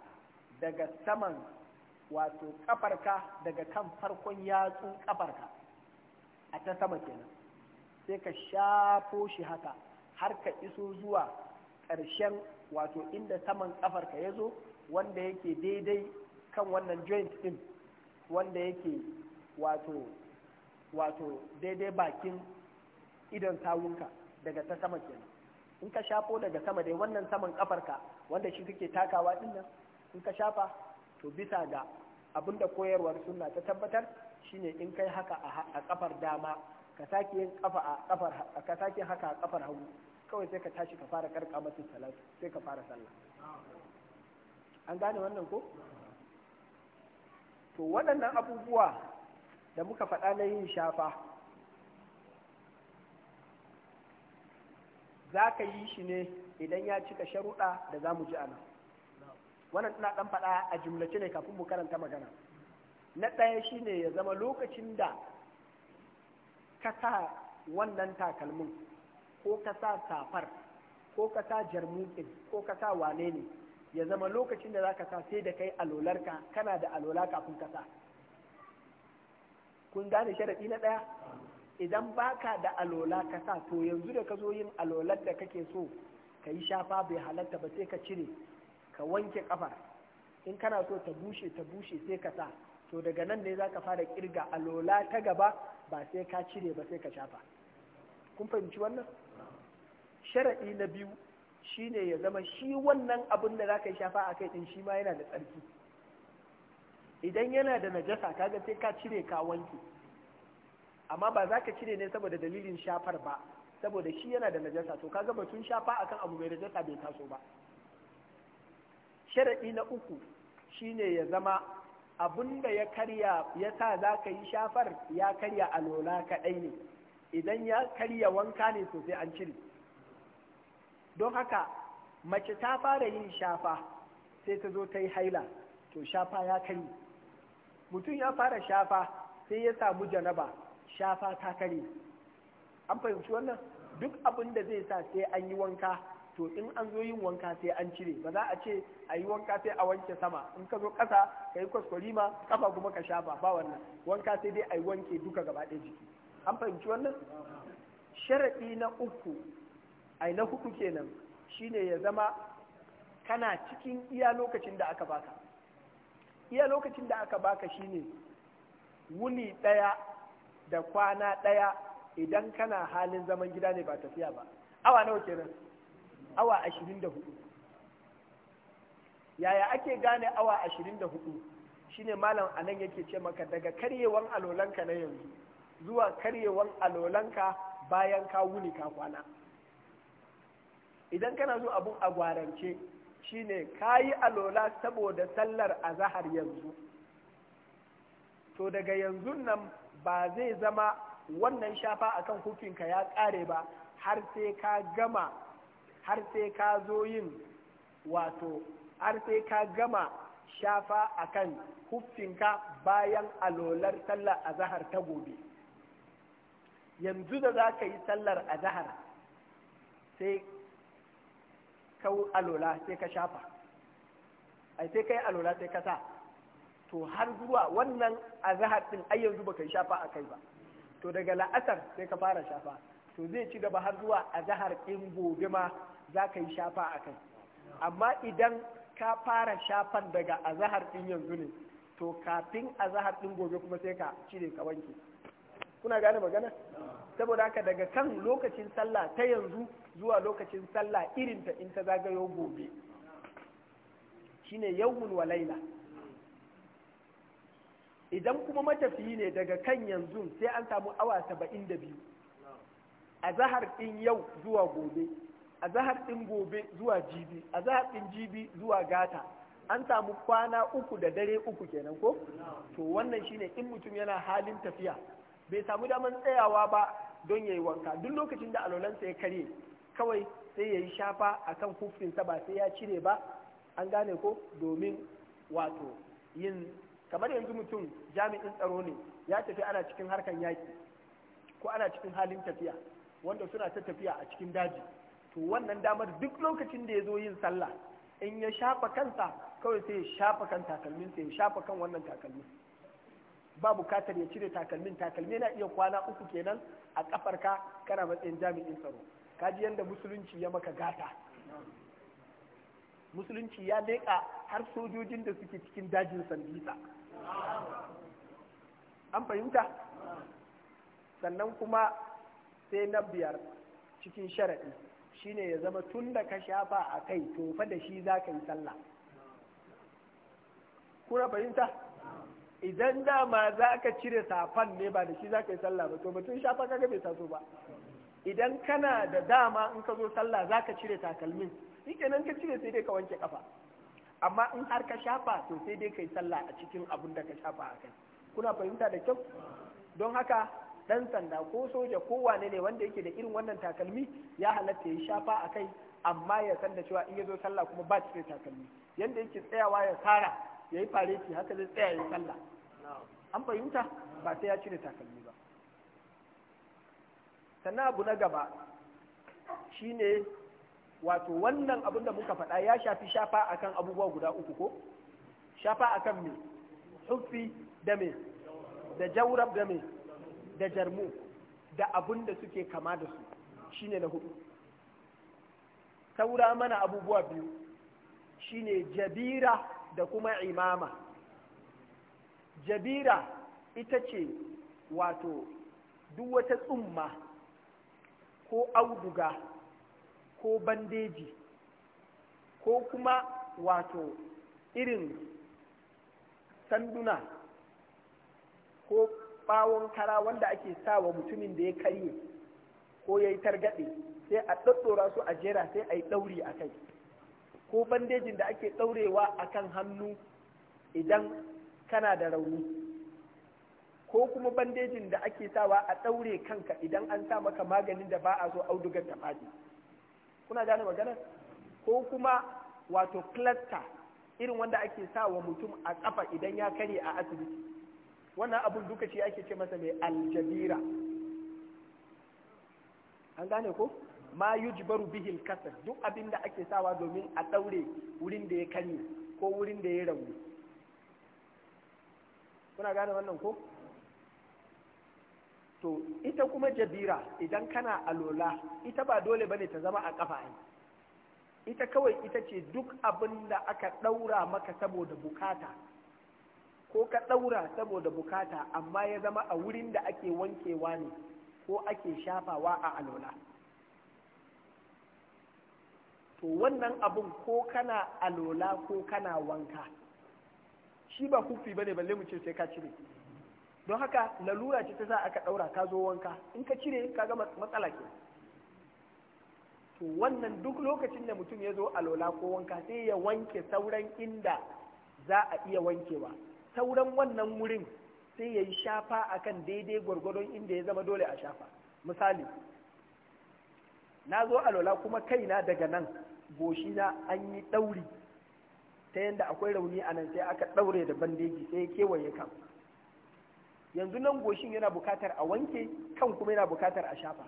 daga saman wato ƙafarka daga kan farkon yatsun ƙafarka a ta sama kenan sai ka shafo shi haka har ka iso zuwa ƙarshen wato inda saman ƙafarka ya zo wanda yake daidai kan wannan joint ɗin wanda yake wato wato daidai bakin idon tawunka daga ta sama kenan in ka shafo daga sama dai wannan saman kafarka wanda shi kake takawa din nan in ka shafa to bisa ga abinda koyarwar sunna ta tabbatar shine in kai haka a kafar dama ka sake yin kafa a kafar ka sake haka a kafar hagu kawai sai ka tashi ka fara karka masa salatu sai ka fara sallah an gane wannan ko to waɗannan abubuwa da muka faɗa na yin shafa za ka yi shi ne idan ya cika sharuɗa da za mu ji ana wannan ina ɗan faɗa a jumlace ne kafin mu karanta magana na ɗaya shi ne ya zama lokacin da ka sa wannan takalmin ko ka sa safar ko ka sa jarmukin ko ka sa wane ne ya zama lokacin da za ka sa sai da kai alolarka kana da alola kafin ka sa kun gane sharaɗi na ɗaya idan baka da alola ka sa to yanzu da ka zo yin alolar da kake so ka yi shafa bai halatta ba sai ka cire ka wanke kafar in kana so ta bushe ta bushe sai ka sa to daga nan ne za ka fara kirga alola ta gaba ba sai ka cire ba sai ka shafa kun fahimci wannan sharaɗi na biyu shine ya zama shi wannan abin da za ka yi shafa a kai ɗin shi ma yana da tsarki idan yana da najasa kaga sai ka cire ka wanke amma ba za ka cire ne saboda dalilin shafar ba saboda shi yana da najasa to ka kaga batun shafa akan abu mai najasa bai taso ba sharaɗi na uku shi ne ya zama abun da ya karya ya sa za ka yi shafar ya karya alola kaɗai ne idan ya karya wanka ne sosai an cire don haka mace ta fara yin shafa sai ta zo ta yi haila to shafa ya karye mutum ya fara shafa sai ya samu janaba shafa ta kare an fahimci wannan duk abin da zai sa sai an yi wanka to in an zo yin wanka sai an cire ba za a ce a yi wanka sai a wanke sama in ka zo kasa, ka yi ma kafa kuma ka shafa ba wannan wanka sai dai a yi wanke duka gaba ɗaya jiki an fahimci wannan sharaɗi na uku ai na hudu kenan shine ya zama kana cikin iya lokacin da aka baka iya lokacin da aka baka shine wuni ɗaya da kwana ɗaya idan kana halin zaman gida ne ba tafiya ba awa nawa kenan awa ashirin da hudu yaya ake gane awa ashirin da hudu shine malam anan yake ce maka daga karyewan alolanka na yanzu zuwa karyewan alolanka bayan ka wuni ka kwana idan kana zo abun agwarance shine ka yi alola saboda sallar azahar yanzu to daga yanzu nan ba zai zama wannan shafa akan hufinka ya ƙare ba har sai ka gama har sai ka zo yin wato har sai ka gama shafa akan hufinka bayan alolar sallar azahar ta gobe yanzu da za ka yi sallar azahar sai ka alola sai ka shafa ai sai ka yi alola sai ka sa to har zuwa wannan azhar din ai yanzu baka yi shafa akai ba to daga la'asar sai ka fara shafa to zai ci gaba har zuwa azhar ɗin gobe ma za ka yi shafa akai amma idan ka fara shafan daga azhar din yanzu ne to kafin azhar din gobe kuma sai ka cire ka wanke kuna gane magana saboda haka daga kan lokacin sallah ta yanzu zuwa lokacin sallah irin ta in ta zagayo gobe shine yawmun wa laila idan kuma matafiyi ne daga kan yanzu sai an samu awa saba'in da biyu a zahar ɗin yau zuwa gobe a zahar ɗin gobe zuwa jibi a zahar ɗin jibi zuwa gata an samu kwana uku da dare uku kenan ko to wannan shine in mutum yana halin tafiya bai samu daman tsayawa ba don ya yi wanka duk lokacin da alolansa ya karye kawai sai ya yi shafa a kan kufinsa ba sai ya cire ba an gane ko domin wato yin kamar yanzu mutum jami'in tsaro ne ya tafi ana cikin harkan yaki ko ana cikin halin tafiya wanda suna ta tafiya a cikin daji to wannan damar duk lokacin da ya zo yin sallah in ya shafa kansa kawai sai ya shafa kan takalmin sai ya shafa kan wannan takalmin ba bukatar ya cire takalmin takalmi na iya kwana uku kenan a kafar ka kana matsayin jami'in tsaro kaji yanda musulunci ya maka gata musulunci ya leƙa har sojojin da suke cikin dajin sandisa an fahimta sannan kuma sai na biyar cikin sharaɗi shine ya zama tun da ka shafa a kai tofa da shi za ka yi sallah kuna fahimta idan dama za ka cire safan ne ba da shi za ka yi sallah ba to batun shafa ka bai taso ba idan kana da dama in ka zo sallah za ka cire takalmin shi kenan ka cire sai dai ka wanke kafa amma in har ka shafa to sai dai kai sallah a cikin abun da ka shafa a kai kuna fahimta da kyau don haka dan sanda ko soja ko wane ne wanda yake da irin wannan takalmi ya halatta ya shafa a kai amma ya san da cewa in ya zo sallah kuma ba cikin takalmi yanda yake tsayawa ya tsara ya yi fareti haka zai tsaya ya sallah an fahimta ba sai ya cire takalmi ba sannan abu na gaba shine wato wannan abin da muka faɗa ya shafi shafa akan abubuwa guda uku ko shafa akan me huffi da me da jaurab da me da jarmu da abin da suke kama da su shine na hudu saura mana abubuwa biyu shine jabira da kuma imama jabira ita ce wato duk wata tsumma ko auduga ko bandeji ko kuma wato irin sanduna ko bawon kara wanda ake sawa mutumin da ya karye ko ya yi targaɗe sai a ɗaɗɗora su a jera sai a yi ɗauri a kai ko bandejin da ake ɗaurewa a kan hannu idan kana da rauni ko kuma bandejin da ake sawa a ɗaure kanka idan an sa maka maganin da ba a so audugar ta faɗi kuna gane magana ko kuma wato cluster irin wanda ake sa wa mutum a kafa idan ya karye a asibiti wannan abun duka shi ake ce masa mai aljabira an gane ko ma yujbaru bihil kasar duk abin da ake sawa domin a daure wurin da ya kare ko wurin da ya rauni kuna gane wannan ko to ita kuma jabira idan kana alola ita ba dole bane ta zama a kafa ai ita kawai ita ce duk abin da aka ɗaura maka saboda bukata ko ka ɗaura saboda bukata amma ya zama a wurin da ake wankewa ne ko ake shafawa a alola to wannan abun ko kana alola ko kana wanka shi ba kufi bane balle mu ce sai ka cire don haka lalura ce ta sa aka ɗaura ka zo wanka in ka cire ka ga matsala ke to wannan duk lokacin da mutum ya zo alola ko wanka sai ya wanke sauran inda za a iya wankewa sauran wannan wurin sai ya yi shafa kan daidai gwargwadon inda ya zama dole a shafa misali na zo alola kuma kaina daga nan goshi na an yi ɗauri ta yadda akwai rauni a nan sai aka ɗaure da bandeji sai ya kewaye kan yanzu nan goshin yana bukatar a wanke kan kuma yana bukatar a shafa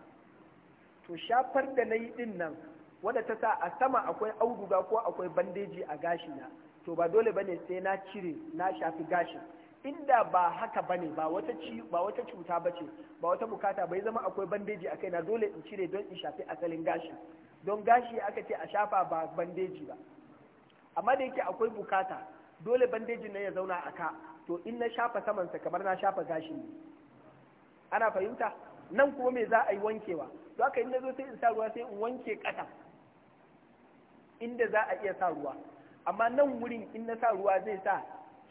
to shafar da na yi din nan wadda ta sa a sama akwai auduga ko akwai bandeji a gashi na, to ba dole bane sai na cire na shafi gashi, inda ba haka bane ba wata ci ba wata cuta bace ba wata bukata bai zama akwai bandeji a na, dole in cire don in shafi asalin gashi, don gashi aka ce a shafa ba bandeji ba amma da yake akwai bukata dole bandejin nan ya zauna a ka to in na shafa samansa kamar na shafa gashi ne ana fahimta nan kuma me za a yi wankewa to haka in na zo sai in sa ruwa sai in wanke ƙasa inda za a iya sa ruwa amma nan wurin in na sa ruwa zai sa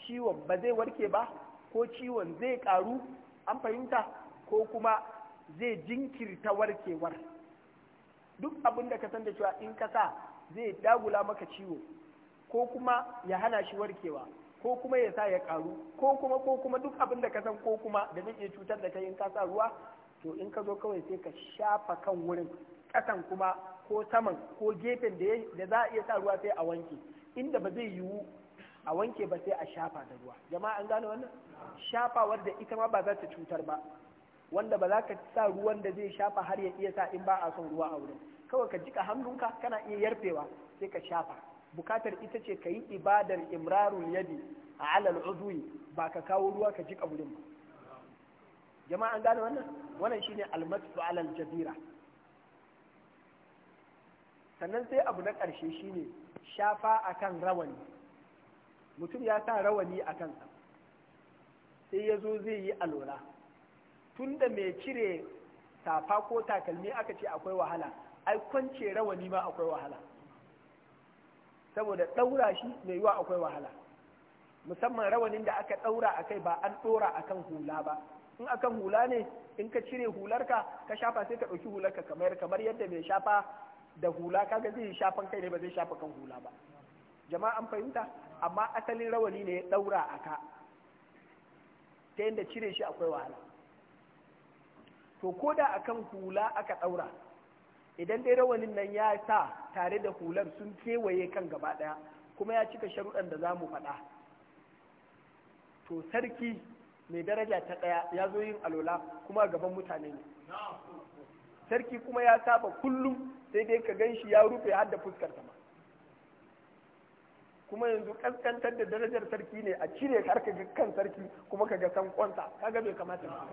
ciwon ba zai warke ba ko ciwon zai ƙaru an fahimta ko kuma zai jinkirta warkewar duk abin da ka san da cewa in ka sa zai dagula maka ciwo ko kuma ya hana shi warkewa ko kuma ya sa ya karu ko kuma ko kuma duk abin da ka san ko kuma da zai iya cutar da kai in ka sa ruwa to in ka zo kawai sai ka shafa kan wurin kasan kuma ko saman ko gefen da da za a iya sa ruwa sai a wanke inda ba zai yiwu a wanke ba sai a shafa da ruwa jama'a an gane wannan shafawar da ita ma ba za ta cutar ba wanda ba za ka sa ruwan da zai shafa har ya iya sa in ba a son ruwa a wurin kawai ka jika hannunka kana iya yarfewa sai ka shafa bukatar ita ce ka yi ibadar imrarul yadi a alal ba ka kawo ruwa ka ji wurin ba jama'a an gane wannan wannan shine almasu alal jabira sannan sai abu na ƙarshe shine shafa akan rawani mutum ya sa rawani a kansa sai ya zo zai yi tun tunda mai cire safa ko takalmi aka ce akwai wahala ai kwance rawani ma akwai wahala saboda ɗaura shi mai yiwa akwai wahala musamman rawanin da aka ɗaura a kai ba an ɗora a kan hula ba in akan hula ne in ka cire hularka ka shafa sai ka ɗauki hularka kamar kamar yadda mai shafa da hula kaga zai shafan kai ne ba zai shafa kan hula ba jama'a an fahimta amma asalin rawani ne ya ɗaura a ka ta yadda cire shi akwai wahala to ko da akan hula aka ɗaura idan dai rawanin nan ya sa tare da hular sun kewaye kan gaba ɗaya kuma ya cika sharuɗan da za mu faɗa to sarki mai daraja ta ɗaya ya zo yin alola kuma gaban mutane ne sarki kuma ya saba kullum sai dai ka gan shi ya rufe har da fuskar ma kuma yanzu kaskantar da darajar sarki ne a cire har ka ga kan sarki kuma ka ga san kwansa kaga bai kamata ba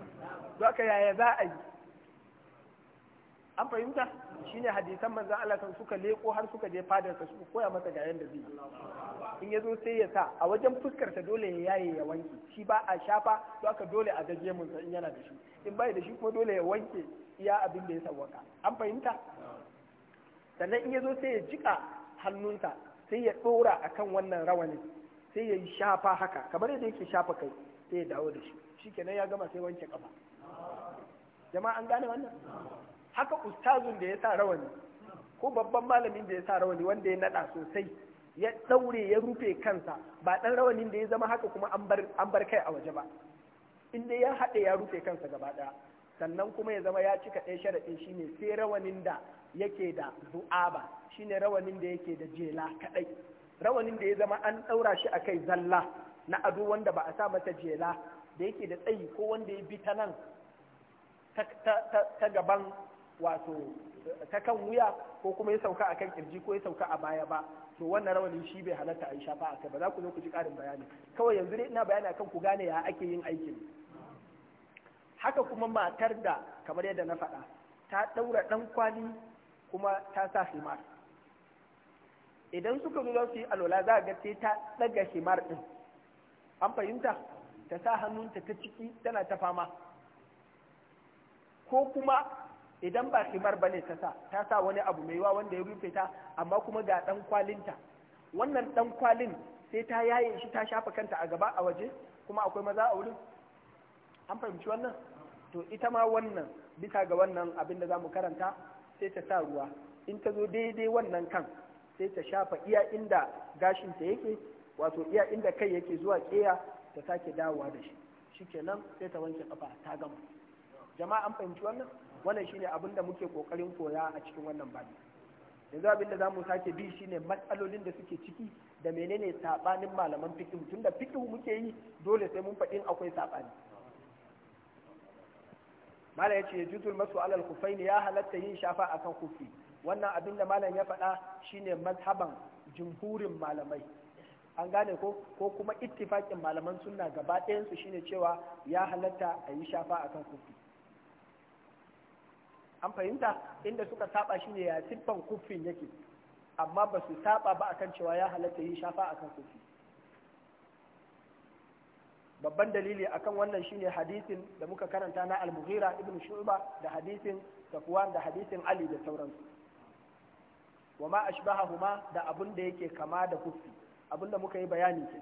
za ka yaya za a yi an fahimta shi ne hadisan manzo Allah kan suka leko har suka je fadar ka suka koya masa ga yanda zai in yazo sai ya sa a wajen fuskarsa ta dole ya yaye ya wanke shi ba a shafa to aka dole a gaje mun in yana da shi in bai da shi kuma dole ya wanke iya abin da ya sawaka an fahimta sannan in yazo sai ya jika hannunsa sai ya dora akan wannan rawanin sai ya shafa haka kamar yadda yake shafa kai sai ya dawo da shi shikenan ya gama sai wanke kafa jama'a gane wannan haka ustazun da ya sa rawani ko babban malamin da ya sa rawani wanda ya nada sosai ya daure ya rufe kansa ba dan rawanin da ya zama haka kuma an bar kai a waje ba inda ya haɗe ya rufe kansa gaba ɗaya sannan kuma ya zama ya cika ɗaya sharaɗin shine sai rawanin da yake da zu'aba shine rawanin da yake da jela kaɗai rawanin da ya zama an ɗaura shi a kai zalla na ado wanda ba a sa masa jela da yake da tsayi ko wanda ya bi ta nan ta gaban wato ta kan wuya ko kuma ya sauka a kan kirji ko ya sauka a baya ba to wannan rawanin shi bai halatta a yi shafa a kai ba za ku zo ku ji ƙarin bayani kawai yanzu dai ina bayani akan ku gane ya ake yin aikin haka kuma matar da kamar yadda na faɗa ta ɗaura ɗan kwali kuma ta sa himar idan suka zo su yi alola za a ga sai ta ɗaga himar ɗin an fahimta ta sa hannunta ta ciki tana ta fama ko kuma idan ba kimar bane ta sa ta sa wani abu mai yawa wanda ya rufe ta amma kuma ga dan kwalinta wannan dan kwalin sai ta yaye shi ta shafa kanta a gaba a waje kuma akwai maza a wurin an fahimci wannan to ita ma wannan bisa ga wannan abin da za mu karanta sai ta sa ruwa in ta zo daidai wannan kan sai ta shafa iya inda gashinta yake wato iya inda kai yake zuwa keya ta sake dawowa da shi shikenan sai ta wanke kafa ta gama jama'a an fahimci wannan wannan shine abin da muke kokarin koya a cikin wannan babi yanzu abin da za mu sake bi shine matsalolin da suke ciki da menene sabanin malaman fikihu tunda fikihu muke yi dole sai mun faɗin akwai sabani mala ya ce juzul masu alal kufaini ya halatta yin shafa akan kufi wannan abin da malam ya faɗa shine mazhaban jumhurin malamai an gane ko ko kuma ittifakin malaman sunna gaba ɗayansu shine cewa ya halatta a yi shafa akan kufi an fahimta inda suka saba ne ya siffan kuffin yake amma ba su saba ba akan cewa ya halatta yi shafa akan kufi babban dalili akan wannan shine hadisin da muka karanta na al-mughira ibn shu'ba da hadisin safwan da hadisin ali da sauransu wa ma ashbahahuma da abun da yake kama da kufi abun da muka yi bayani ke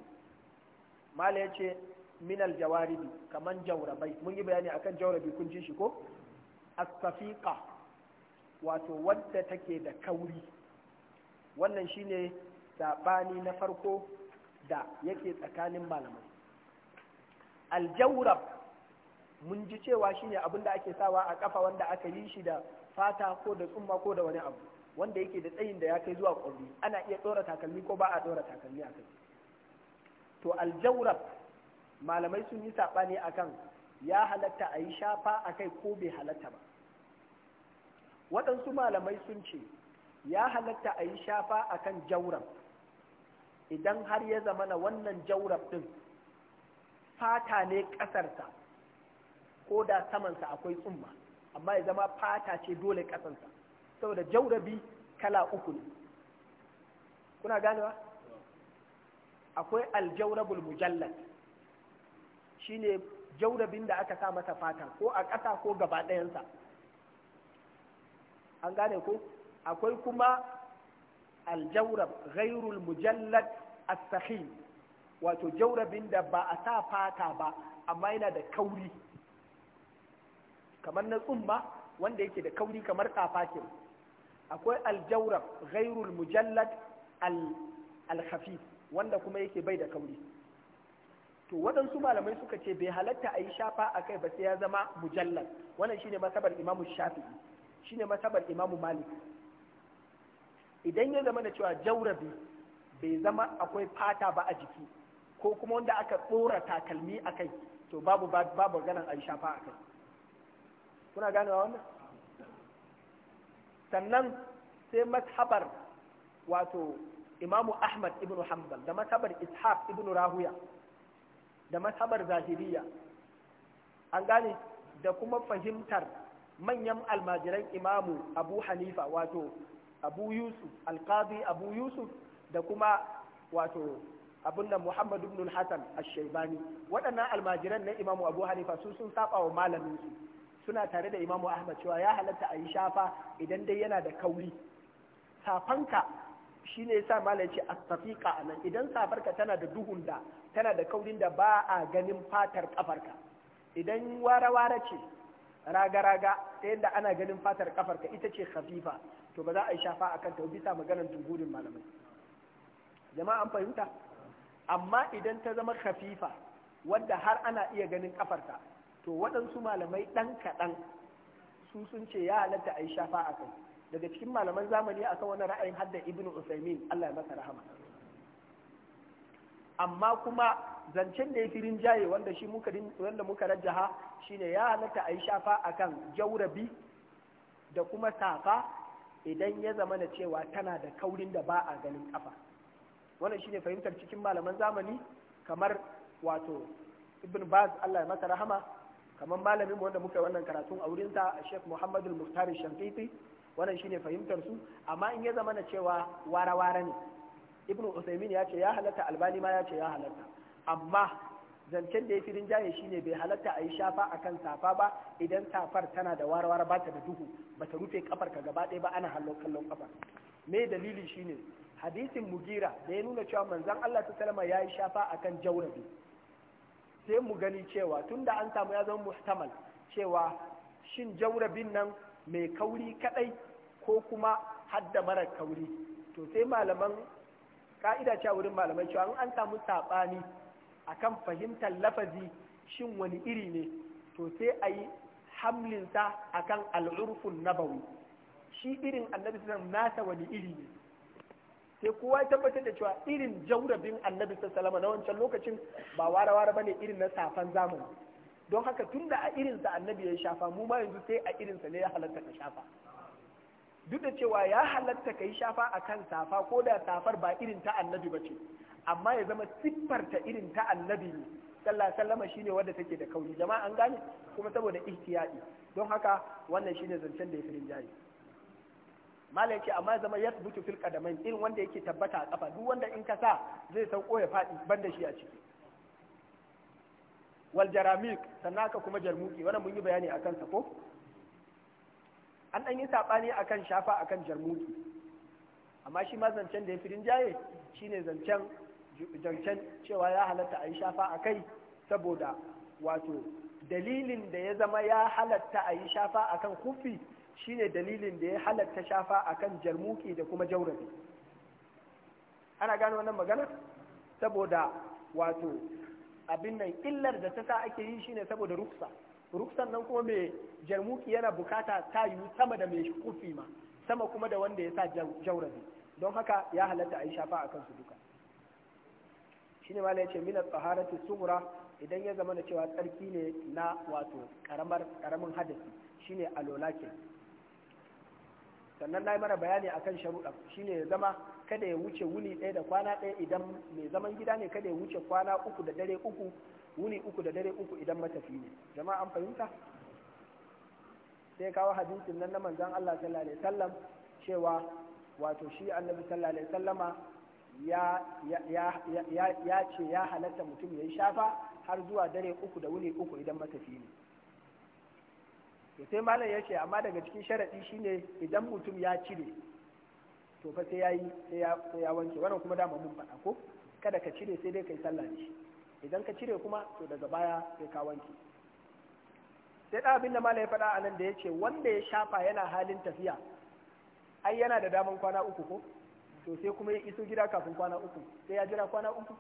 mala yace min al-jawaribi kaman jaurabai mun yi bayani akan jaurabi kun ji shi ko as-safiqa wato wadda take da kauri wannan shine sabani na farko da yake tsakanin malamai aljaurab mun ji cewa shine abin da ake sawa a kafa wanda aka yi shi da fata ko da tsumma ko da wani abu wanda yake da tsayin da ya kai zuwa ƙwalli ana iya ɗora takalmi ko ba a ɗora takalmi a kai to aljaurab malamai sun yi saɓani akan ya halatta a yi shafa a kai ko bai halatta ba waɗansu malamai sun ce ya halatta a yi shafa a kan jauram idan har ya zama na wannan jauram ɗin fata ne ƙasarsa ko da samansa akwai tsumma amma ya zama fata ce dole ƙasarsa saboda jaurabi kala uku ne kuna ganewa akwai aljaurabul mujallad ne. jaurabin da aka sa masa fata ko a ƙasa ko gaba ɗayansa an gane ko akwai kuma aljaurab ghairul mujallad as-sahih wato jaurabin da ba a sa fata ba amma yana da kauri kamar na tsumma wanda yake da kauri kamar tsafa ke akwai aljaurab ghairul mujallad al-khafif wanda kuma yake bai da kauri to waɗansu malamai suka ce bai halatta a yi shafa a kai ba sai ya zama mujallar. wannan shine masabar imamu shafi'i shine masabar imamu malik idan ya zama da cewa jaurabi bai zama akwai fata ba a jiki ko kuma wanda aka tsora takalmi a kai to babu babu ganin a yi shafa a kai kuna ganewa wannan sannan sai mas'abar wato imamu ahmad ibn hanbal da mas'abar ishaq ibn rahuya da mazhabar zahiriya an gane da kuma fahimtar manyan almajiran imamu abu hanifa wato abu yusuf alkazi abu yusuf da kuma wato abun Muhammadu muhammad ibn hassan ash shaibani waɗannan almajiran na imamu abu hanifa su sun saba wa suna tare da imamu ahmad cewa ya halatta a yi shafa idan dai yana da kauri safanka shi ne yasa malam ce astafiqa anan idan safarka tana da duhun da tana da kaurin da ba a ganin fatar kafarka idan wara-wara ce raga-raga ta yadda ana ganin fatar kafarka ita ce khafifa to ba za a yi shafa a kanta bisa maganar tungurin malamai jama'a an fahimta amma idan ta zama khafifa wadda har ana iya ganin kafarta to waɗansu malamai ɗan kaɗan su sun ce ya halatta a yi shafa a daga cikin malaman zamani akan wani ra'ayin hadda ibnu usaimin Allah ya masa rahama amma kuma zancen da ya fi rinjaye wanda shi muka wanda muka rajjaha shine ya halatta a yi shafa kan jaurabi da kuma safa idan ya zama na cewa tana da kaurin da ba a ganin kafa wannan shine fahimtar cikin malaman zamani kamar wato ibn baz Allah ya masa rahama kamar malamin wanda muka yi wannan karatun a wurinsa Sheikh Muhammadul Muhtar Shankiti wannan shine fahimtar su amma in ya zama na cewa wara-wara ne ibnu usaimin ya ce ya halatta albani ma ya ce ya halatta amma zancen da ya fi rinjaye shine bai halatta a yi shafa akan safa ba idan safar tana da wara-wara ba ta da duhu ba ta rufe kafar ka gaba ɗaya ba ana hallo kallon kafar me dalili shine hadisin mugira da ya nuna cewa manzon Allah ta salama ya yi shafa akan jaurabi sai mu gani cewa tunda an samu ya zama muhtamal cewa shin jaurabin nan mai kauri kadai ko kuma hadda mara kauri to sai malaman ka'ida ce wurin malamai cewa an samu saɓani kan fahimtar lafazi shin wani iri ne to sai a yi hamlinsa a kan al'urfun nabawi shi irin annabi sallam nasa wani iri ne sai kowa ya tabbatar da cewa irin jaurabin annabi Salama na wancan lokacin ba ware-ware ne irin na safan zamani don haka tun da a irinsa annabi ya shafa mu ma yanzu sai a irinsa ne ya halatta ka shafa duk da cewa ya halatta ka yi shafa a kan safa ko da safar ba irin ta annabi ba ce amma ya zama siffarta irin ta annabi ne sallah sallama shine wadda take da kauri jama'a an gane kuma saboda ihtiyadi don haka wannan shine zancen da ya firin jari malai ce amma ya zama filka da qadamain irin wanda yake tabbata a kafa duk wanda in ka sa zai sauko ya fadi banda shi a ciki wal jaramik sannan ka kuma jarmuki wannan mun yi bayani akan sa ko an ɗan yi saɓani a kan shafa a kan jarmuki amma shi ma zancen da ya fi rinjaye shi ne zancen cewa ya halatta a yi shafa a kai saboda wato dalilin da ya zama ya halatta a yi shafa a kan kufi shi ne dalilin da ya halatta shafa a kan jarmuki da kuma jaurabi ana gano wannan magana saboda wato abin nan illar da ta sa ake yi shi ne saboda ruksa ruksan nan kuma mai jarmuki yana bukata ta yi sama da mai kufi ma sama kuma da wanda ya sa jaurabi don haka ya halatta a yi shafa a kansu duka shi ne mala ya ce minar tsaharatu sumura idan ya zama da cewa tsarki ne na wato karamin hadasi shine ne alolakin sannan na yi mana bayani akan sharuɗa shine ya zama kada ya wuce wuni ɗaya da kwana ɗaya idan mai zaman gida ne kada ya wuce kwana uku da dare uku wuni uku da dare uku idan matafi ne jama'a an fahimta sai kawo hadisin nan na manzon Allah sallallahu alaihi wasallam cewa wato shi annabi sallallahu alaihi wasallama ya ya ce ya halatta mutum ya yi shafa har zuwa dare uku da wuni uku idan matafi ne to sai malam ya ce amma daga cikin sharadi shine idan mutum ya cire to fa sai ya sai ya wanke wannan kuma da mun faɗa ko kada ka cire sai dai kai sallah ne idan ka cire kuma to daga baya sai ka wanke sai da abin da mala ya faɗa a nan da ya ce wanda ya shafa yana halin tafiya ai yana da daman kwana uku ko to sai kuma ya iso gida kafin kwana uku sai ya jira kwana uku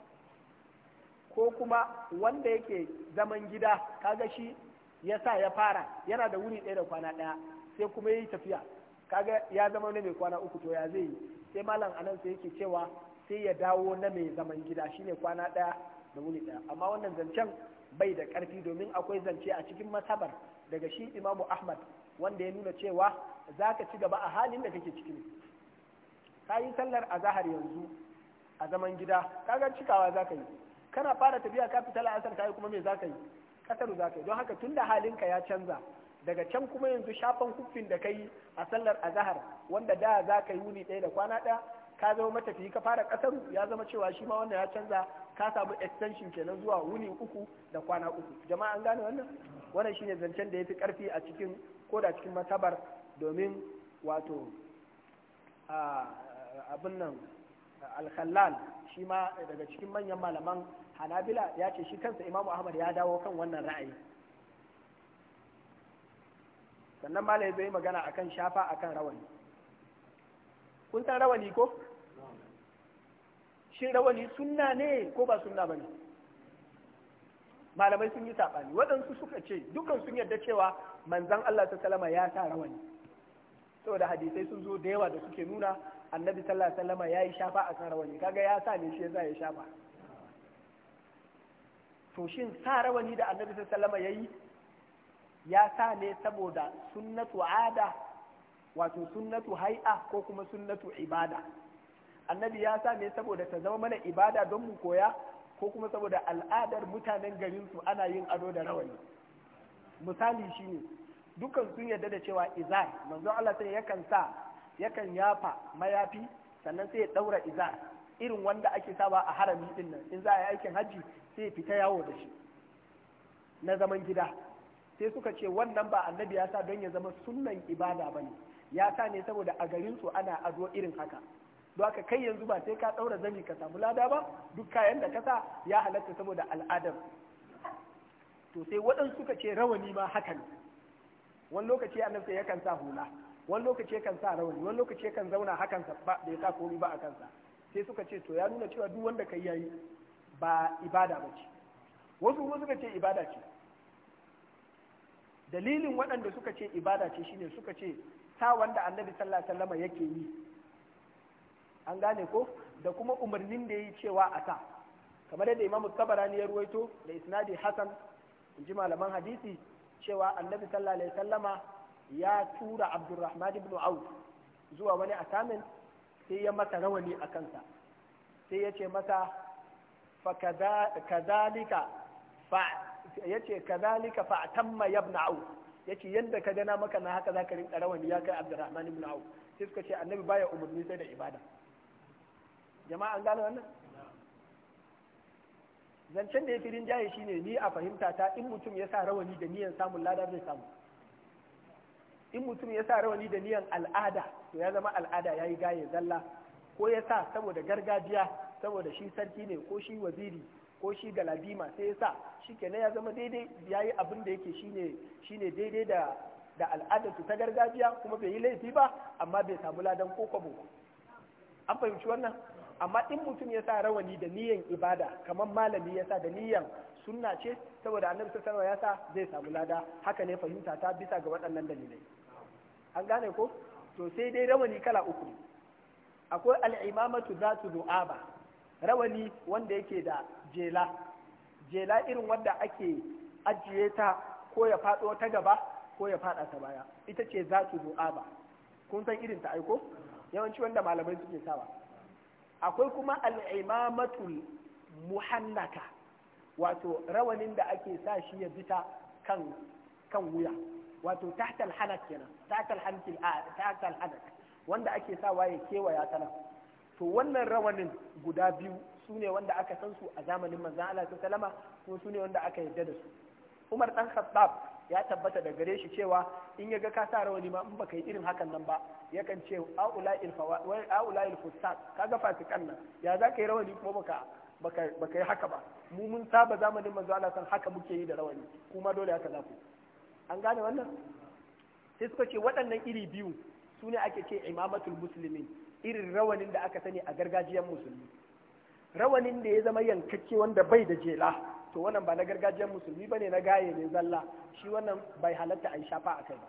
ko kuma wanda yake zaman gida kaga shi ya sa ya fara yana da wuri ɗaya da kwana ɗaya sai kuma ya yi tafiya kaga ya zama na mai kwana uku to ya zai yi sai malam anan sai yake cewa sai ya dawo na mai zaman gida shine kwana ɗaya da wuni ɗaya amma wannan zancen bai da ƙarfi domin akwai zance a cikin masabar daga shi imamu ahmad wanda ya nuna cewa za ka ci gaba a halin da kake cikin ka yi sallar a zahar yanzu a zaman gida ka kaga cikawa za ka yi kana fara tafiya ka fita la'asar ka yi kuma me za ka yi kasaru za ka yi don haka tun da halinka ya canza daga can kuma yanzu shafan kuffin da ka yi a sallar azahar wanda da za ka yi wuni ɗaya da kwana ɗaya ka zama matafiyi ka fara ƙasar ya zama cewa shi ma wannan ya canza ka samu extension kenan zuwa wuni uku da kwana uku jama'a an gane wannan wannan shine zancen da yafi karfi a cikin ko da cikin matabar domin wato abin nan alkhallal shi ma daga cikin manyan malaman hanabila ya ce shi kansa imamu ahmad ya dawo kan wannan ra'ayi sannan malai zai magana akan shafa akan rawani kun san rawani ko shin rawani sunna ne ko ba sunna ba ne malamai sun yi saɓani waɗansu suka ce dukan sun yarda cewa manzan Allah ta salama ya sa rawani saboda hadisai sun zo da yawa da suke nuna annabi sallallahu alaihi wasallama ya yi shafa a kan rawani kaga ya sa ne shi ya ya shafa to shin sa rawani da annabi sallallahu alaihi ya ya sa ne saboda sunnatu ada wato sunnatu hai'a ko kuma sunnatu ibada annabi ya sa ne saboda ta zama mana ibada don mu koya ko kuma saboda al'adar mutanen garin su ana yin ado da rawani misali shine dukan sun yarda da cewa izar manzo Allah sai yakan sa yakan yafa mayafi sannan sai ya daura izar irin wanda ake sawa a harami din nan in za a yi aikin hajji sai ya fita yawo da shi na zaman gida sai suka ce wannan ba annabi ya sa don ya zama sunnan ibada bane ya sa ne saboda a garin su ana ado irin haka don haka kai yanzu ba sai ka ɗaura zami ka samu lada ba duk kayan da kasa ya halatta saboda al'adar to sai waɗansu suka ce rawani ma hakan wani lokaci a annabi yakan sa hula wani lokaci yakan sa rawani wani lokaci yakan zauna hakan sa ba ya sa komai ba a kansa sai suka ce to ya nuna cewa duk wanda kai yayi ba ibada ba ce wasu kuma suka ce ibada ce dalilin waɗanda suka ce ibada ce shine suka ce sa wanda annabi sallallahu alaihi wasallam yake yi an gane ko da kuma umarnin da ya yi cewa a sa kamar yadda imamu kabarani ya ruwaito da isnadi Hassan in ji malaman hadisi cewa annabi sallallahu alaihi sallama ya tura abdurrahman ibn auf zuwa wani atamin sai ya mata rawani a kansa sai ya ce kazalika fa ya ce kazalika fa tamma yabna auf ya ce yadda ka gana maka na haka za ka rinka rawani ya kai abdurrahman ibn auf sai suka ce annabi baya umarni sai da ibada jama'a an gane wannan zancen da ya fi rinjaye ne ni a fahimta ta in mutum ya sa rawani da niyan samun lada zai samu in mutum ya sa rawani da niyan al'ada to ya zama al'ada ya yi gaye zalla ko ya sa saboda gargajiya saboda shi sarki ne ko shi waziri ko shi galadima sai ya sa shi kenan ya zama daidai ya yi abin da yake shine shine daidai da da su ta gargajiya kuma bai yi laifi ba amma bai samu ladan ko kwabo an fahimci wannan amma in mutum ya sa rawani da niyan ibada kamar malami ya sa da niyan sunna ce saboda annabi sallallahu alaihi ya sa zai samu lada haka ne fahimta ta bisa ga waɗannan dalilai an gane ko to sai dai rawani kala uku akwai al'imamatu zatu du'aba rawani wanda yake da jela jela irin wanda ake ajiye ta ko ya faɗo ta gaba ko ya faɗa ta baya ita ce zatu du'aba kun san irin ta aiko yawanci wanda malamai suke sawa akwai kuma al'imamatul muhannaka wato rawanin da ake sa shi ya bita kan wuya wato tahtal hanak kenan tahtal hankil a tahtal hanak wanda ake sa waye kewaya tana to wannan rawanin guda biyu sune wanda aka san su a zamanin manzan Allah ta salama kuma kuma sune wanda aka yarda da su Umar dan Khattab ya tabbata da gare shi cewa in ya ga ka sa rawani ma in baka yi irin hakan nan ba yakan ce aula'il fawa aula'il fusat kaga fasikan nan ya za ka yi rawani ko baka baka baka yi haka ba mu mun saba zamanin manzo Allah san haka muke yi da rawani kuma dole haka za ku an gane wannan sai suka ce waɗannan iri biyu su ne ake ce imamatul muslimin irin rawanin da aka sani a gargajiyar musulmi rawanin da ya zama yankakke wanda bai da jela to wannan ba na gargajiyar musulmi bane na gaye ne zalla shi wannan bai halatta a yi shafa a kai ba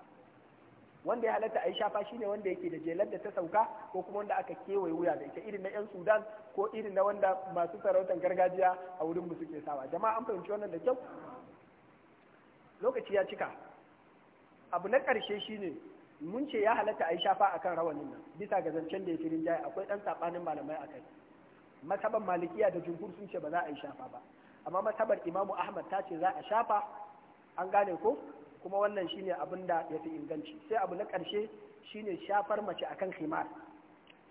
wanda ya halatta a yi shafa shine wanda yake da jelar da ta sauka ko kuma wanda aka kewaye wuya da ita irin na yan sudan ko irin na wanda masu sarautar gargajiya a wurin mu suke sawa jama'a an fahimci wannan da kyau lokaci ya cika abu na karshe shine mun ce ya halatta a yi shafa akan rawanin nan bisa ga zancen da ya firin jaya akwai ɗan saɓanin malamai akai masaban malikiya da jumhur sun ce ba za a yi shafa ba amma matabar imamu ahmad ta ce za a shafa an gane ko kuma wannan shine abin da ya fi inganci sai abu na ƙarshe shine shafar mace akan khimar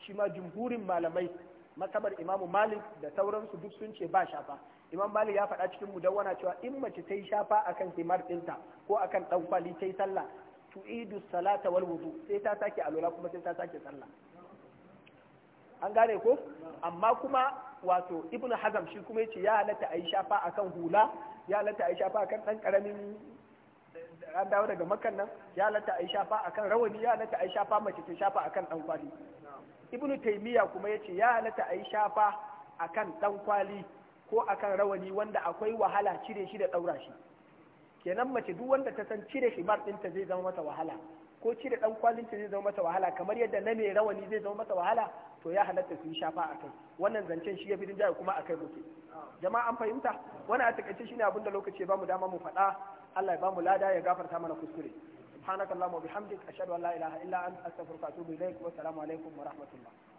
shi ma jumhurin malamai matabar imamu malik da sauransu duk sun ce ba shafa imam malik ya faɗa cikin mudawwana cewa in mace ta yi shafa akan khimar ɗinta ko akan ɗaukwali ta yi sallah idu salata wal wudu sai ta sake alola kuma sai ta sake sallah an gane ko amma kuma wato ibn hazam shi kuma yace ya halatta a yi shafa akan hula ya halatta a yi shafa akan dan karamin an dawo daga makan nan ya halatta a yi shafa akan rawani ya halatta a yi shafa mace ta shafa akan dan kwali ibn taymiya kuma yace ya halatta a yi shafa akan dan kwali ko akan rawani wanda akwai wahala cire shi da daura shi kenan mace duk wanda ta san cire himar ɗinta zai zama mata wahala ko cire dan kwalinta zai zama mata wahala kamar yadda na mai rawani zai zama mata wahala to ya halatta su yi shafa a kai wannan zancen shi ya fi rinjaye kuma a kai muke jama'a an fahimta wani a takaice shine abin da lokaci ba bamu dama mu faɗa Allah ya bamu lada ya gafarta mana kuskure subhanakallahumma wa bihamdik ashhadu an la ilaha illa anta astaghfiruka wa atubu ilaik wa assalamu alaikum wa rahmatullah